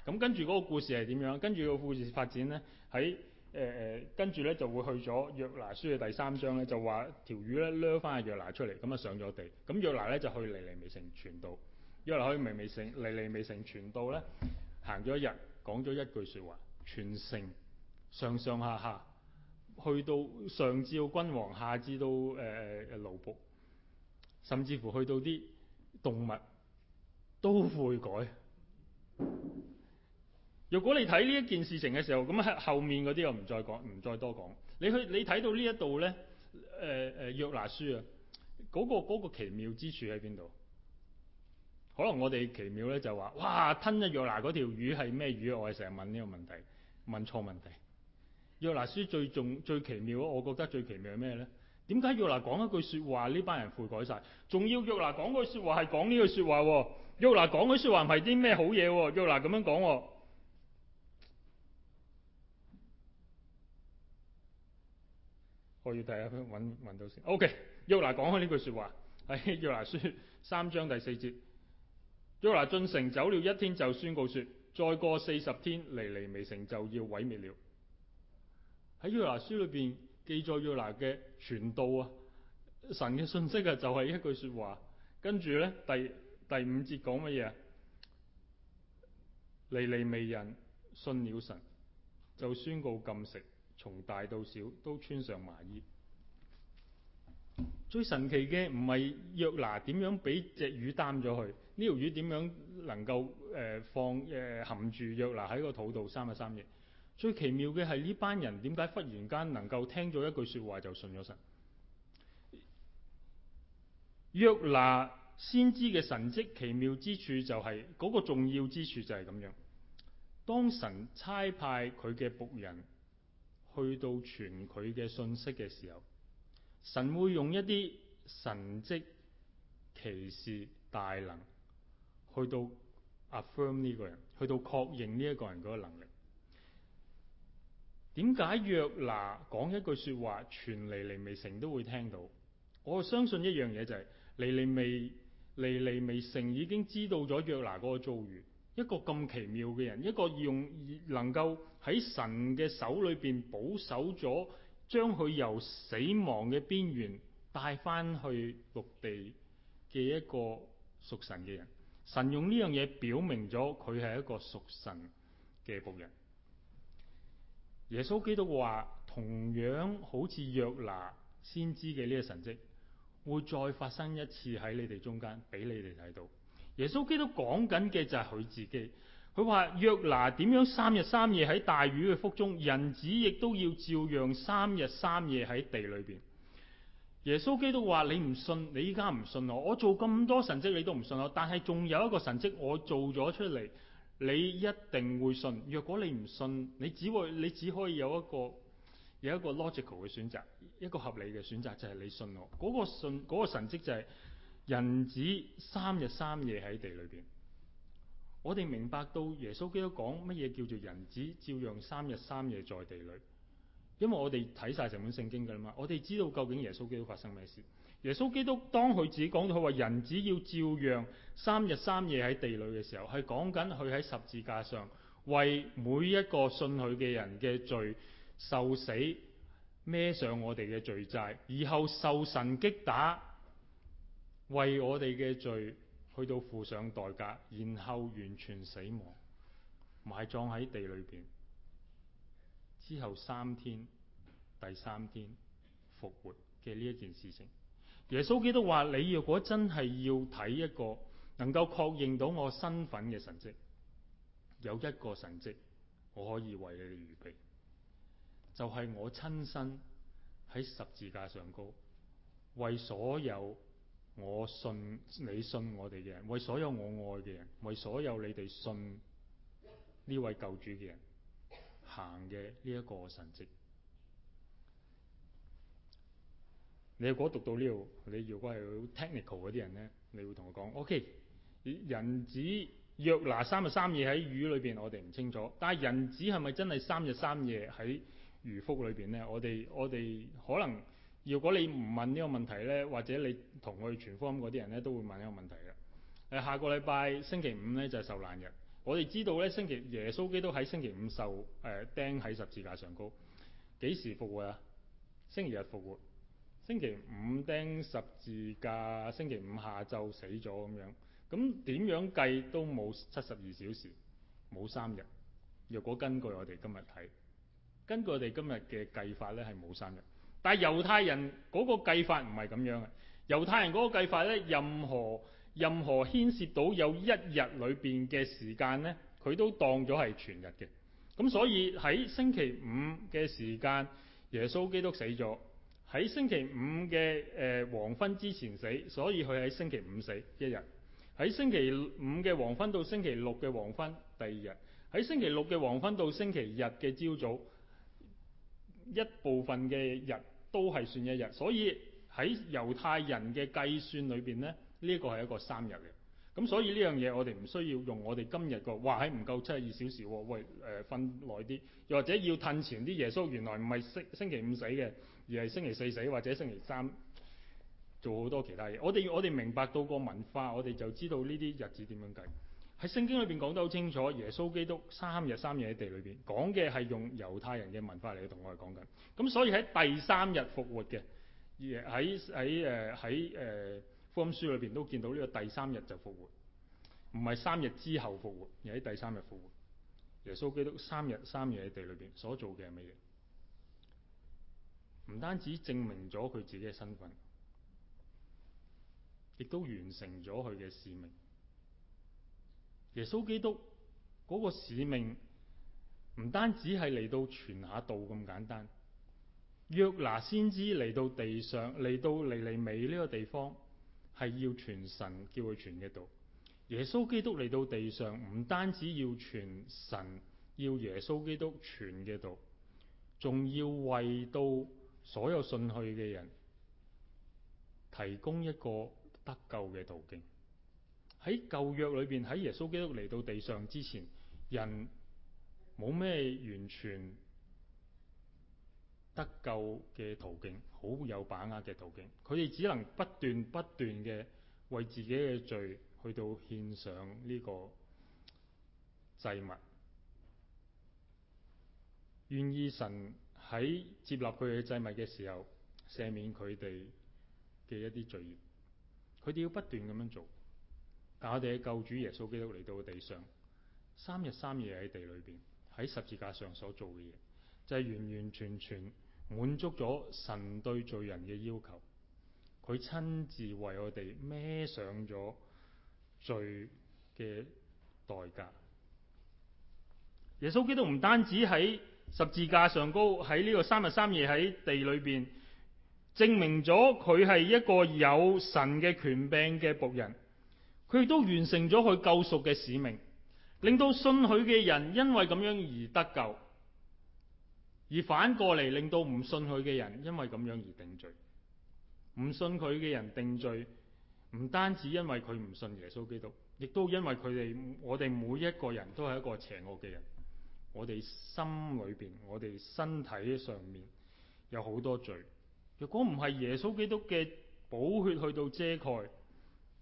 咁跟住嗰個故事係點樣？跟住個故事發展咧，喺、呃、跟住咧就會去咗約拿書嘅第三章咧，就話條魚咧，掠翻起約拿出嚟，咁啊上咗地。咁約拿咧就去嚟嚟未成全道，約拿去未未成嚟嚟未成全道咧，行咗一日，講咗一句說話，全城上上下下，去到上至到君王，下至到誒誒奴僕，甚至乎去到啲動物。都會改。若果你睇呢一件事情嘅時候，咁喺後面嗰啲我唔再講，唔再多講。你去你睇到呢一度咧，誒誒約拿書啊，嗰個嗰個奇妙之處喺邊度？可能我哋奇妙咧就話，哇吞咗約拿嗰條魚係咩魚？我係成日問呢個問題，問錯問題。約拿書最重最奇妙，我覺得最奇妙係咩咧？點解約拿講一句說話，呢班人悔改晒？仲要約拿講句說話係講呢句說話？約拿講句說話唔係啲咩好嘢？約拿咁樣講、哦，我要睇下搵搵到先。O.K. 約拿講開呢句說話喺約拿書三章第四節，約拿進城走了一天就宣告說：再過四十天，尼尼微城就要毀滅了。喺約拿書裏邊。記載約拿嘅傳道啊，神嘅信息啊，就係一句說話。跟住咧，第第五節講乜嘢？嚟嚟未人信了神，就宣告禁食，從大到小都穿上麻衣。最神奇嘅唔係約拿點樣俾隻魚擔咗去，呢條魚點樣能夠、呃、放誒、呃、含住約拿喺個肚度三日三夜？最奇妙嘅係呢班人點解忽然間能夠聽咗一句說話就信咗神？約拿先知嘅神蹟奇妙之處，就係嗰個重要之處就係咁樣，當神差派佢嘅僕人去到傳佢嘅信息嘅時候，神會用一啲神蹟奇事大能去到 affirm 呢個人，去到確認呢一個人個能力。點解約拿講一句說話全尼尼微城都會聽到？我相信一樣嘢就係、是、尼尼微，尼尼微城已經知道咗約拿嗰個遭遇。一個咁奇妙嘅人，一個用能夠喺神嘅手裏邊保守咗，將佢由死亡嘅邊緣帶翻去陸地嘅一個屬神嘅人。神用呢樣嘢表明咗佢係一個屬神嘅僕人。耶穌基督話：同樣好似約拿先知嘅呢個神迹，會再發生一次喺你哋中間，俾你哋睇到。耶穌基督講緊嘅就係佢自己，佢話約拿點樣三日三夜喺大魚嘅腹中，人子亦都要照樣三日三夜喺地裏邊。耶穌基督話：你唔信，你依家唔信我，我做咁多神迹你都唔信我，但係仲有一個神迹我做咗出嚟。你一定會信。若果你唔信，你只會你只可以有一個有一個 logical 嘅選擇，一個合理嘅選擇就係你信我嗰個信嗰個神蹟就係人子三日三夜喺地裏邊。我哋明白到耶穌基督講乜嘢叫做人子照樣三日三夜在地裏，因為我哋睇晒成本聖經噶啦嘛。我哋知道究竟耶穌基督發生咩事。耶穌基督當佢自己講到佢話人只要照樣三日三夜喺地裏嘅時候，係講緊佢喺十字架上為每一個信佢嘅人嘅罪受死，孭上我哋嘅罪債，以後受神擊打，為我哋嘅罪去到付上代價，然後完全死亡埋葬喺地裏邊，之後三天第三天復活嘅呢一件事情。耶穌基督話，你如果真係要睇一個能夠確認到我身份嘅神蹟，有一個神蹟，我可以為你哋預備，就係我親身喺十字架上高，為所有我信你信我哋嘅人，為所有我愛嘅人，為所有你哋信呢位舊主嘅人行嘅呢一個神蹟。你如果讀到呢度，你如果係好 technical 嗰啲人呢，你會同我講：OK，人子約拿三日三夜喺魚裏邊，我哋唔清楚。但係人子係咪真係三日三夜喺魚腹裏邊呢？我哋我哋可能，如果你唔問呢個問題呢，或者你同我哋傳福音嗰啲人呢，都會問呢個問題嘅。誒，下個禮拜星期五呢，就係受難日。我哋知道呢，星期耶穌基督喺星期五受誒、呃、釘喺十字架上高。幾時復活啊？星期日復活。星期五釘十字架，星期五下晝死咗咁樣，咁點樣計都冇七十二小時，冇三日。若果根據我哋今日睇，根據我哋今日嘅計法咧，係冇三日。但係猶太人嗰個計法唔係咁樣嘅。猶太人嗰個計法咧，任何任何牽涉到有一日裏邊嘅時間咧，佢都當咗係全日嘅。咁所以喺星期五嘅時間，耶穌基督死咗。喺星期五嘅、誒黃昏之前死，所以佢喺星期五死一日。喺星期五嘅黃昏到星期六嘅黃昏，第二日。喺星期六嘅黃昏到星期日嘅朝早，一部分嘅日都係算一日，所以喺猶太人嘅計算裏面呢，呢個係一個三日嘅。咁所以呢樣嘢我哋唔需要用我哋今日個話係唔夠七十二小時喎，喂，瞓耐啲，又、呃、或者要褪前啲。耶穌原來唔係星星期五死嘅。而係星期四死，或者星期三做好多其他嘢。我哋我哋明白到個文化，我哋就知道呢啲日子點樣計。喺聖經裏邊講得好清楚，耶穌基督三日三夜喺地裏邊講嘅係用猶太人嘅文化嚟，同我哋講緊。咁所以喺第三日復活嘅，喺喺誒喺誒福音書裏邊都見到呢個第三日就復活，唔係三日之後復活，而喺第三日復活。耶穌基督三日三夜喺地裏邊所做嘅係乜嘢？唔單止證明咗佢自己嘅身份，亦都完成咗佢嘅使命。耶穌基督嗰個使命唔單止係嚟到傳下道咁簡單。約拿先知嚟到地上，嚟到尼尼，尼尼微呢個地方係要傳神叫佢傳嘅道。耶穌基督嚟到地上唔單止要傳神，要耶穌基督傳嘅道，仲要為到。所有信去嘅人，提供一個得救嘅途徑。喺舊約裏邊，喺耶穌基督嚟到地上之前，人冇咩完全得救嘅途徑，好有把握嘅途徑。佢哋只能不斷不斷嘅為自己嘅罪去到獻上呢個祭物，願意神。喺接納佢哋嘅祭物嘅時候，赦免佢哋嘅一啲罪孽。佢哋要不斷咁樣做。但係我哋嘅救主耶穌基督嚟到地上，三日三夜喺地裏邊，喺十字架上所做嘅嘢，就係完完全全滿足咗神對罪人嘅要求。佢親自為我哋孭上咗罪嘅代價。耶穌基督唔單止喺十字架上高喺呢個三日三夜喺地裏邊，證明咗佢係一個有神嘅權柄嘅僕人，佢亦都完成咗佢救贖嘅使命，令到信佢嘅人因為咁樣而得救，而反過嚟令到唔信佢嘅人因為咁樣而定罪。唔信佢嘅人定罪，唔單止因為佢唔信耶穌基督，亦都因為佢哋我哋每一個人都係一個邪惡嘅人。我哋心裏邊、我哋身體上面有好多罪。若果唔係耶穌基督嘅寶血去到遮蓋，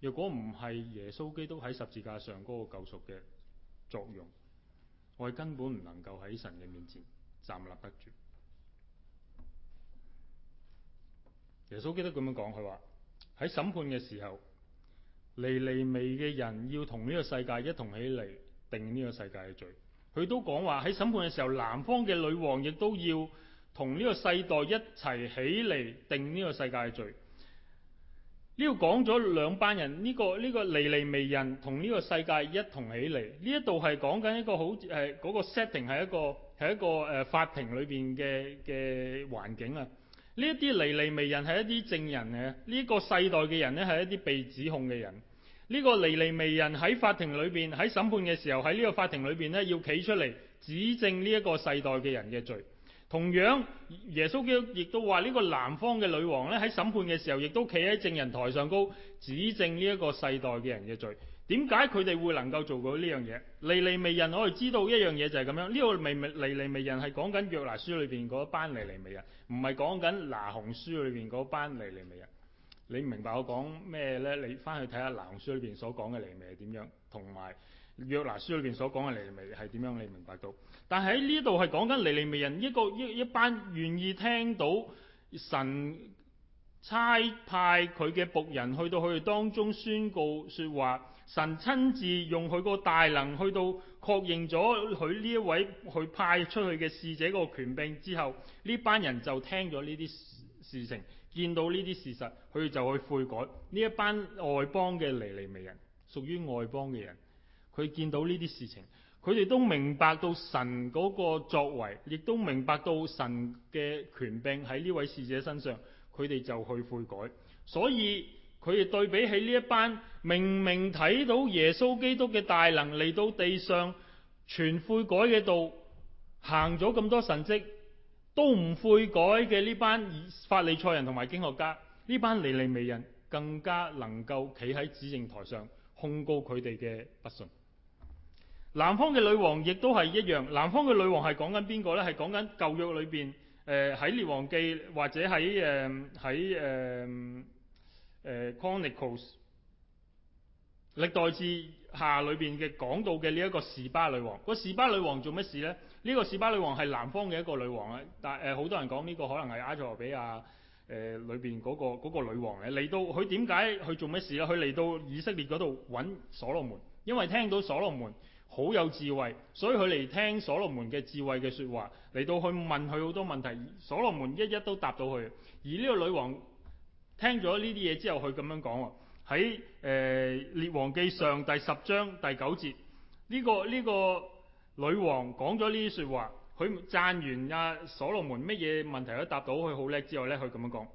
若果唔係耶穌基督喺十字架上嗰個救贖嘅作用，我哋根本唔能夠喺神嘅面前站立得住。耶穌基督咁樣講，佢話喺審判嘅時候，尼尼微嘅人要同呢個世界一同起嚟，定呢個世界嘅罪。佢都講話喺審判嘅時候，南方嘅女王亦都要同呢個世代一齊起嚟定呢個世界嘅罪。呢度講咗兩班人，呢、這個呢、這個尼尼微人同呢個世界一同起嚟。呢一度係講緊一個好誒嗰、那個 setting 係一個係一個誒、呃、法庭裏邊嘅嘅環境啊。呢一啲尼尼微人係一啲證人嘅，呢、這個世代嘅人咧係一啲被指控嘅人。呢個尼尼微人喺法庭裏邊，喺審判嘅時候，喺呢個法庭裏邊咧，要企出嚟指證呢一個世代嘅人嘅罪。同樣，耶穌基督亦都話呢個南方嘅女王咧，喺審判嘅時候，亦都企喺證人台上高，指證呢一個世代嘅人嘅罪。點解佢哋會能夠做到呢樣嘢？尼尼微人，我哋知道一樣嘢，就係咁樣。呢個咪咪尼尼微人係講緊約拿書裏邊嗰班尼尼微人，唔係講緊那鴻書裏邊嗰班尼尼微人。你明白我講咩呢？你翻去睇下《那鴻書》裏邊所講嘅尼尼微係點樣，同埋《約拿書》裏面所講嘅尼尼微係點樣,樣，你明白到？但係呢度係講緊尼尼微人一個一一班願意聽到神差派佢嘅僕人去到佢哋當中宣告說話，神親自用佢個大能去到確認咗佢呢一位去派出去嘅使者個權柄之後，呢班人就聽咗呢啲事情。見到呢啲事實，佢哋就去悔改。呢一班外邦嘅尼尼微人，屬於外邦嘅人，佢見到呢啲事情，佢哋都明白到神嗰個作為，亦都明白到神嘅權柄喺呢位使者身上，佢哋就去悔改。所以佢哋對比起呢一班明明睇到耶穌基督嘅大能嚟到地上傳悔改嘅道，行咗咁多神蹟。都唔悔改嘅呢班法利賽人同埋經學家，呢班尼尼微人更加能夠企喺指認台上控告佢哋嘅不信。南方嘅女王亦都係一樣，南方嘅女王係講緊邊個呢？係講緊舊約裏邊，誒、呃、喺列王記或者喺誒喺、呃、誒誒、呃、Chronicles 歷代志下裏邊嘅講到嘅呢一個示巴女王。個示巴女王做乜事呢？呢、這個士巴女王係南方嘅一個女王。啊，但係好多人講呢個可能係埃塞俄比亞誒裏邊嗰個女王嚟到，佢點解去做乜事啦？佢嚟到以色列嗰度揾所羅門，因為聽到所羅門好有智慧，所以佢嚟聽所羅門嘅智慧嘅説話，嚟到去問佢好多問題，所羅門一一都答到佢。而呢個女王聽咗呢啲嘢之後，佢咁樣講，喺誒列王記上第十章第九節，呢個呢個。這個女王講咗呢啲說話，佢贊完阿所羅門乜嘢問題都答到佢好叻之後呢，佢咁樣講《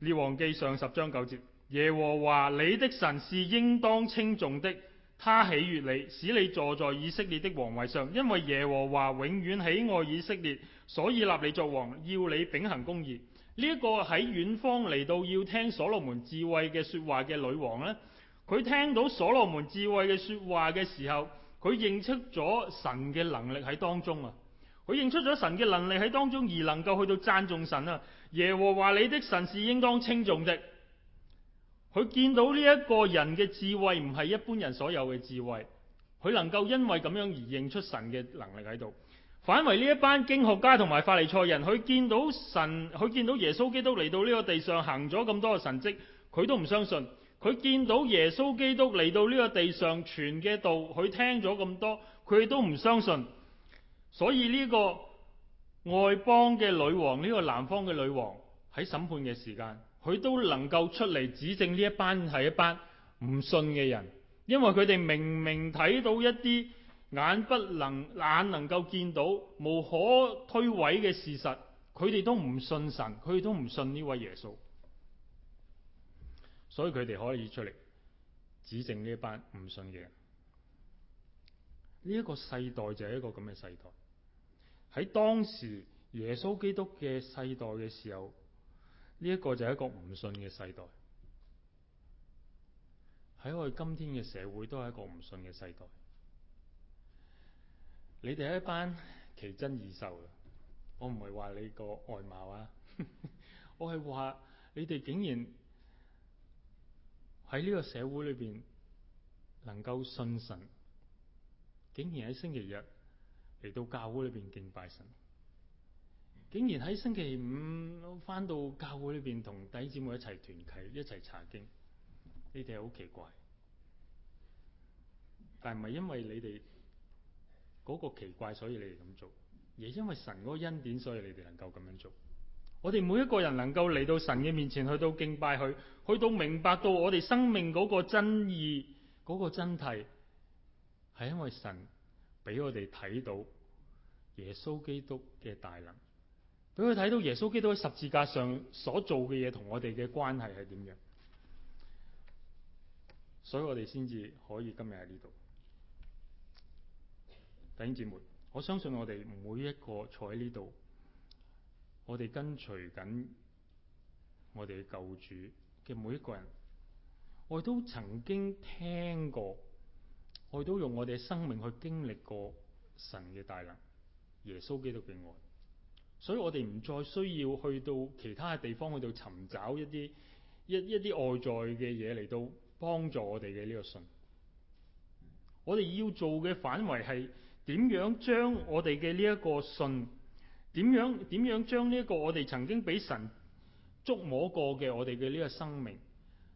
列王記》上十章九節：耶和華你的神是應當稱頌的，他喜悅你，使你坐在以色列的皇位上，因為耶和華永遠喜愛以色列，所以立你作王，要你秉行公義。呢、這、一個喺遠方嚟到要聽所羅門智慧嘅說話嘅女王呢。佢聽到所羅門智慧嘅說話嘅時候，佢認出咗神嘅能力喺當中啊！佢認出咗神嘅能力喺當中，而能夠去到讚頌神啊！耶和華你的神是應當稱頌的。佢見到呢一個人嘅智慧唔係一般人所有嘅智慧，佢能夠因為咁樣而認出神嘅能力喺度。反為呢一班經學家同埋法利賽人，佢見到神，佢見到耶穌基督嚟到呢個地上行咗咁多嘅神蹟，佢都唔相信。佢見到耶穌基督嚟到呢個地上傳嘅道，佢聽咗咁多，佢都唔相信。所以呢個外邦嘅女王，呢個南方嘅女王喺審判嘅時間，佢都能夠出嚟指證呢一班係一班唔信嘅人，因為佢哋明明睇到一啲眼不能眼能夠見到無可推諉嘅事實，佢哋都唔信神，佢哋都唔信呢位耶穌。所以佢哋可以出嚟指證呢一班唔信嘅人。呢一個世代就係一個咁嘅世代。喺當時耶穌基督嘅世代嘅時候，呢一個就係一個唔信嘅世代。喺我哋今天嘅社會都係一個唔信嘅世代。你哋係一班奇珍異獸啊！我唔係話你個外貌啊， [laughs] 我係話你哋竟然。喺呢個社會裏邊，能夠信神，竟然喺星期日嚟到教會裏邊敬拜神，竟然喺星期五返到教會裏邊同弟兄姊妹一齊團契、一齊查經，你哋係好奇怪，但唔係因為你哋嗰個奇怪，所以你哋咁做，而係因為神嗰個恩典，所以你哋能夠咁樣做。我哋每一個人能夠嚟到神嘅面前，去到敬拜佢，去到明白到我哋生命嗰個真義、嗰個真諦，係因為神俾我哋睇到耶穌基督嘅大能，俾佢睇到耶穌基督喺十字架上所做嘅嘢同我哋嘅關係係點樣，所以我哋先至可以今日喺呢度。弟兄姊妹，我相信我哋每一個坐喺呢度。我哋跟隨緊我哋嘅救主嘅每一個人，我哋都曾經聽過，我哋都用我哋嘅生命去經歷過神嘅大能，耶穌基督嘅愛，所以我哋唔再需要去到其他嘅地方，去到尋找一啲一一啲外在嘅嘢，嚟到幫助我哋嘅呢個信。我哋要做嘅範圍係點樣將我哋嘅呢一個信？點樣點樣將呢一個我哋曾經俾神觸摸過嘅我哋嘅呢個生命？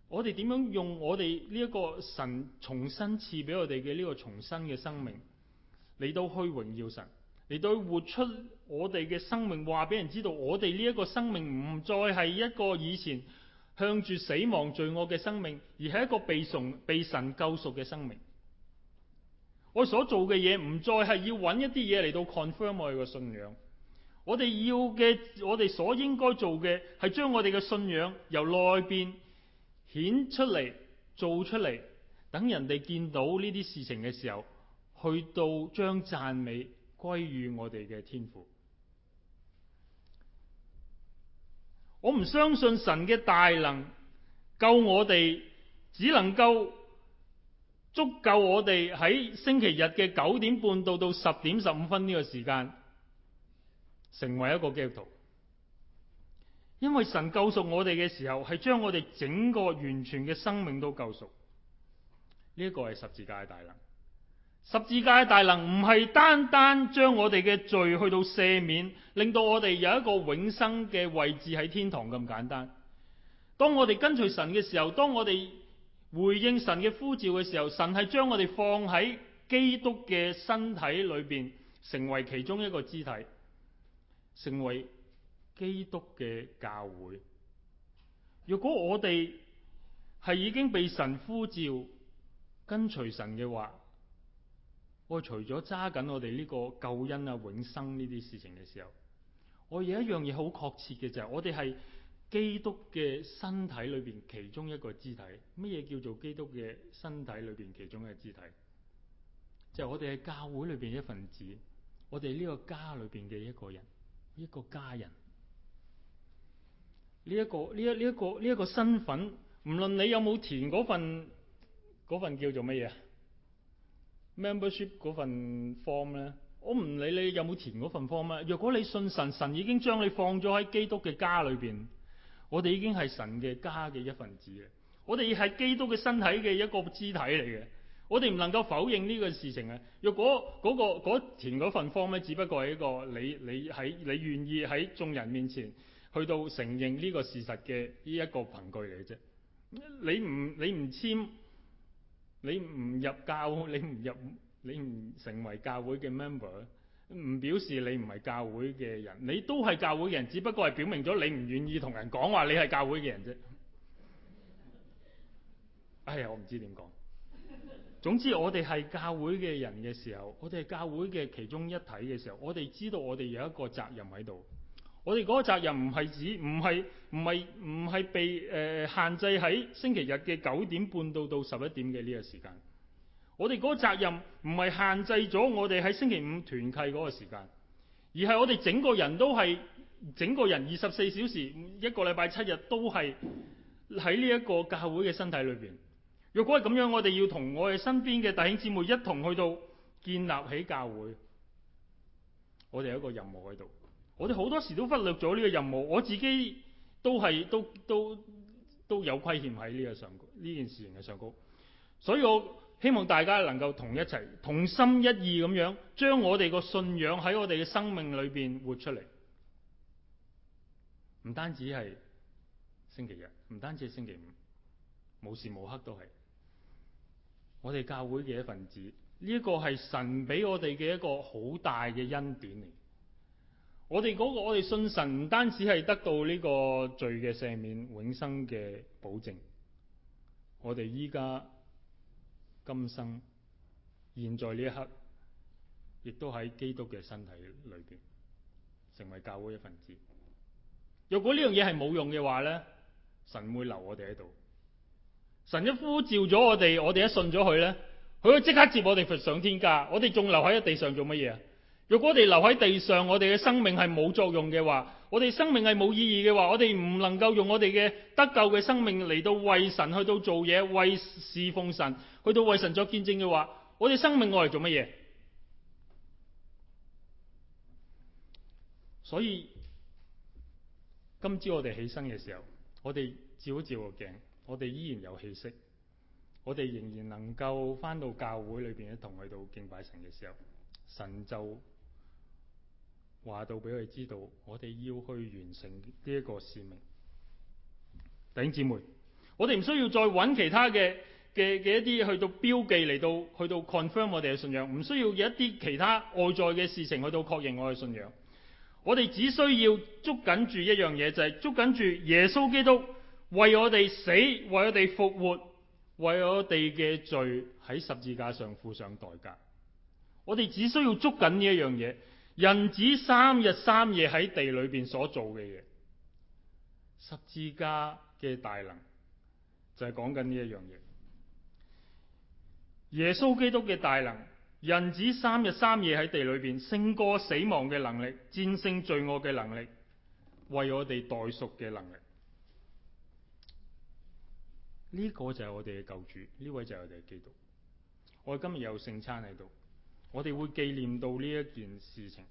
我哋點樣用我哋呢一個神重新賜俾我哋嘅呢個重新嘅生命？嚟到去榮耀神，嚟到活出我哋嘅生命，話俾人知道我哋呢一個生命唔再係一個以前向住死亡罪惡嘅生命，而係一個被被神救贖嘅生命。我所做嘅嘢唔再係要揾一啲嘢嚟到 confirm 我哋嘅信仰。我哋要嘅，我哋所應該做嘅，係將我哋嘅信仰由內邊顯出嚟，做出嚟，等人哋見到呢啲事情嘅時候，去到將讚美歸於我哋嘅天父。我唔相信神嘅大能救我哋，只能夠足夠我哋喺星期日嘅九點半到到十點十五分呢個時間。成為一個基督徒，因為神救贖我哋嘅時候，係將我哋整個完全嘅生命都救贖。呢一個係十字架嘅大能。十字架嘅大能唔係單單將我哋嘅罪去到赦免，令到我哋有一個永生嘅位置喺天堂咁簡單。當我哋跟隨神嘅時候，當我哋回應神嘅呼召嘅時候，神係將我哋放喺基督嘅身體裏邊，成為其中一個肢體。成為基督嘅教會。如果我哋係已經被神呼召跟隨神嘅話，我除咗揸緊我哋呢個救恩啊永生呢啲事情嘅時候，我有一樣嘢好確切嘅就係、是、我哋係基督嘅身體裏邊其中一個肢體。乜嘢叫做基督嘅身體裏邊其中一個肢體？就係、我哋係教會裏邊一份子，我哋呢個家裏邊嘅一個人。一個家人，呢一個呢一呢一個呢一個身份，唔論你有冇填嗰份嗰份叫做乜嘢 membership 嗰份 form 咧，我唔理你有冇填嗰份 form 咧。若果你信神，神已經將你放咗喺基督嘅家裏邊，我哋已經係神嘅家嘅一份子嘅，我哋係基督嘅身體嘅一個肢體嚟嘅。我哋唔能夠否認呢個事情啊！若果嗰、嗰個嗰前嗰份 form 咧，只不過係一個你你喺你願意喺眾人面前去到承認呢個事實嘅呢一個憑據嚟嘅啫。你唔你唔簽，你唔入教，你唔入你唔成為教會嘅 member，唔表示你唔係教會嘅人。你都係教會嘅人，只不過係表明咗你唔願意同人講話你係教會嘅人啫。哎呀，我唔知點講。總之，我哋係教會嘅人嘅時候，我哋係教會嘅其中一體嘅時候，我哋知道我哋有一個責任喺度。我哋嗰個責任唔係指唔係唔係唔係被誒、呃、限制喺星期日嘅九點半到到十一點嘅呢個時間。我哋嗰個責任唔係限制咗我哋喺星期五團契嗰個時間，而係我哋整個人都係整個人二十四小時一個禮拜七日都係喺呢一個教會嘅身體裏邊。如果係咁樣，我哋要同我哋身邊嘅弟兄姊妹一同去到建立起教會，我哋有一個任務喺度。我哋好多時都忽略咗呢個任務，我自己都係都都都有虧欠喺呢個上呢件事情嘅上高。所以我希望大家能夠同一齊同心一意咁樣，將我哋個信仰喺我哋嘅生命裏邊活出嚟。唔單止係星期日，唔單止係星期五，無時無刻都係。我哋教會嘅一份子，呢個係神俾我哋嘅一個好大嘅恩典嚟。我哋嗰個，我哋信神唔單止係得到呢個罪嘅赦免、永生嘅保證，我哋依家今生現在呢一刻，亦都喺基督嘅身體裏邊，成為教會一份子。若果呢樣嘢係冇用嘅話咧，神會留我哋喺度。神一呼召咗我哋，我哋一信咗佢咧，佢會即刻接我哋返上天家。我哋仲留喺地上做乜嘢啊？若果我哋留喺地上，我哋嘅生命係冇作用嘅話，我哋生命係冇意義嘅話，我哋唔能夠用我哋嘅得救嘅生命嚟到為神去到做嘢，為事奉神，去到為神作見證嘅話，我哋生命我嚟做乜嘢？所以今朝我哋起身嘅時候，我哋照一照個鏡，我哋依然有氣息，我哋仍然能夠翻到教會裏邊一同去到敬拜神嘅時候，神就話到俾佢哋知道，我哋要去完成呢一個使命。弟兄姊妹，我哋唔需要再揾其他嘅嘅嘅一啲去到標記嚟到去到 confirm 我哋嘅信仰，唔需要一啲其他外在嘅事情去到確認我嘅信仰。我哋只需要捉緊住一樣嘢，就係捉緊住耶穌基督。為我哋死，為我哋復活，為我哋嘅罪喺十字架上付上代價。我哋只需要捉緊呢一樣嘢。人子三日三夜喺地裏邊所做嘅嘢，十字架嘅大能就係講緊呢一樣嘢。耶穌基督嘅大能，人子三日三夜喺地裏邊勝過死亡嘅能力，戰勝罪惡嘅能力，為我哋代贖嘅能力。呢個就係我哋嘅救主，呢位就係我哋嘅基督。我哋今日有聖餐喺度，我哋會紀念到呢一件事情。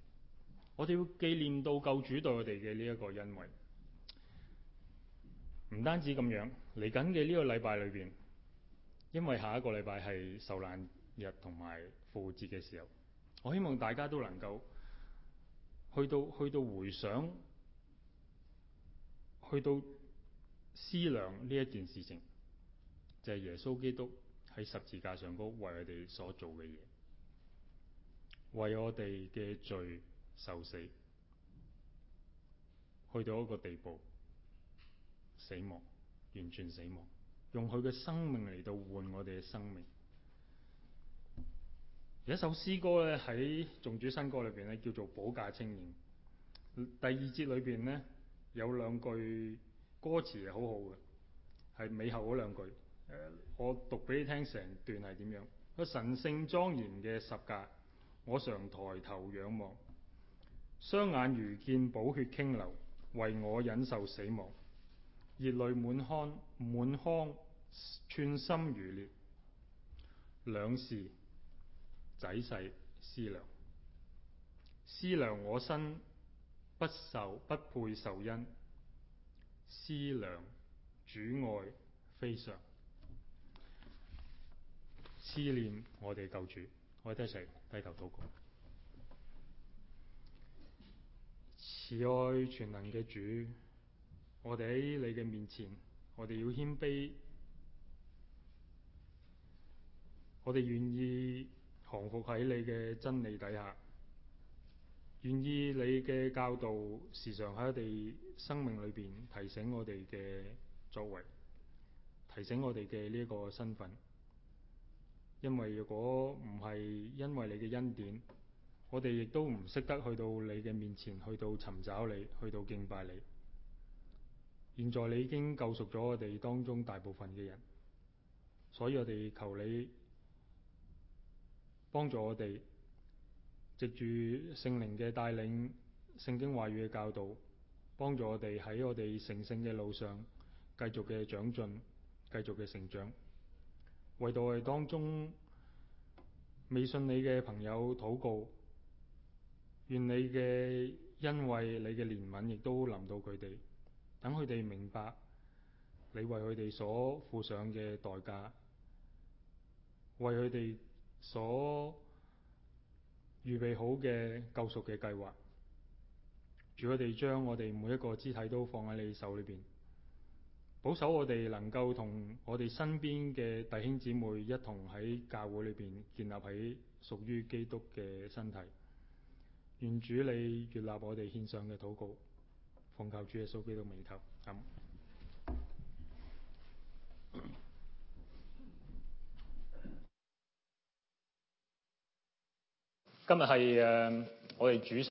我哋會紀念到救主對我哋嘅呢一個恩惠。唔單止咁樣，嚟緊嘅呢個禮拜裏邊，因為下一個禮拜係受難日同埋復活節嘅時候，我希望大家都能夠去到去到回想、去到思量呢一件事情。就係、是、耶穌基督喺十字架上高為我哋所做嘅嘢，為我哋嘅罪受死，去到一個地步死亡，完全死亡，用佢嘅生命嚟到換我哋嘅生命。有一首詩歌咧喺《眾主新歌》裏邊咧，叫做《保駕青年》。第二節裏邊咧有兩句歌詞係好好嘅，係尾後嗰兩句。我讀俾你聽成段係點樣？個神聖莊嚴嘅十格，我常抬頭仰望，雙眼如見寶血傾流，為我忍受死亡，熱淚滿腔滿腔，寸心如裂。兩時仔細思量，思量我身不受不配受恩，思量主愛非常。思念我哋救主，我哋一齊低頭禱告。慈愛全能嘅主，我哋喺你嘅面前，我哋要謙卑，我哋願意降服喺你嘅真理底下，願意你嘅教導時常喺我哋生命裏邊提醒我哋嘅作為，提醒我哋嘅呢個身份。因為如果唔係因為你嘅恩典，我哋亦都唔識得去到你嘅面前，去到尋找你，去到敬拜你。現在你已經救贖咗我哋當中大部分嘅人，所以我哋求你幫助我哋，藉住聖靈嘅帶領、聖經話語嘅教導，幫助我哋在我哋成聖嘅路上繼續嘅長進，繼續嘅成長。為我哋當中未信你嘅朋友禱告，願你嘅恩惠、你嘅憐憫，亦都臨到佢哋，等佢哋明白你為佢哋所付上嘅代價，為佢哋所預備好嘅救贖嘅計劃，願佢哋將我哋每一個肢體都放喺你手裏邊。保守我哋能夠同我哋身邊嘅弟兄姊妹一同喺教會裏邊建立起屬於基督嘅身體。願主你悅納我哋獻上嘅禱告，奉靠主耶穌基督名下。今日係誒我哋主。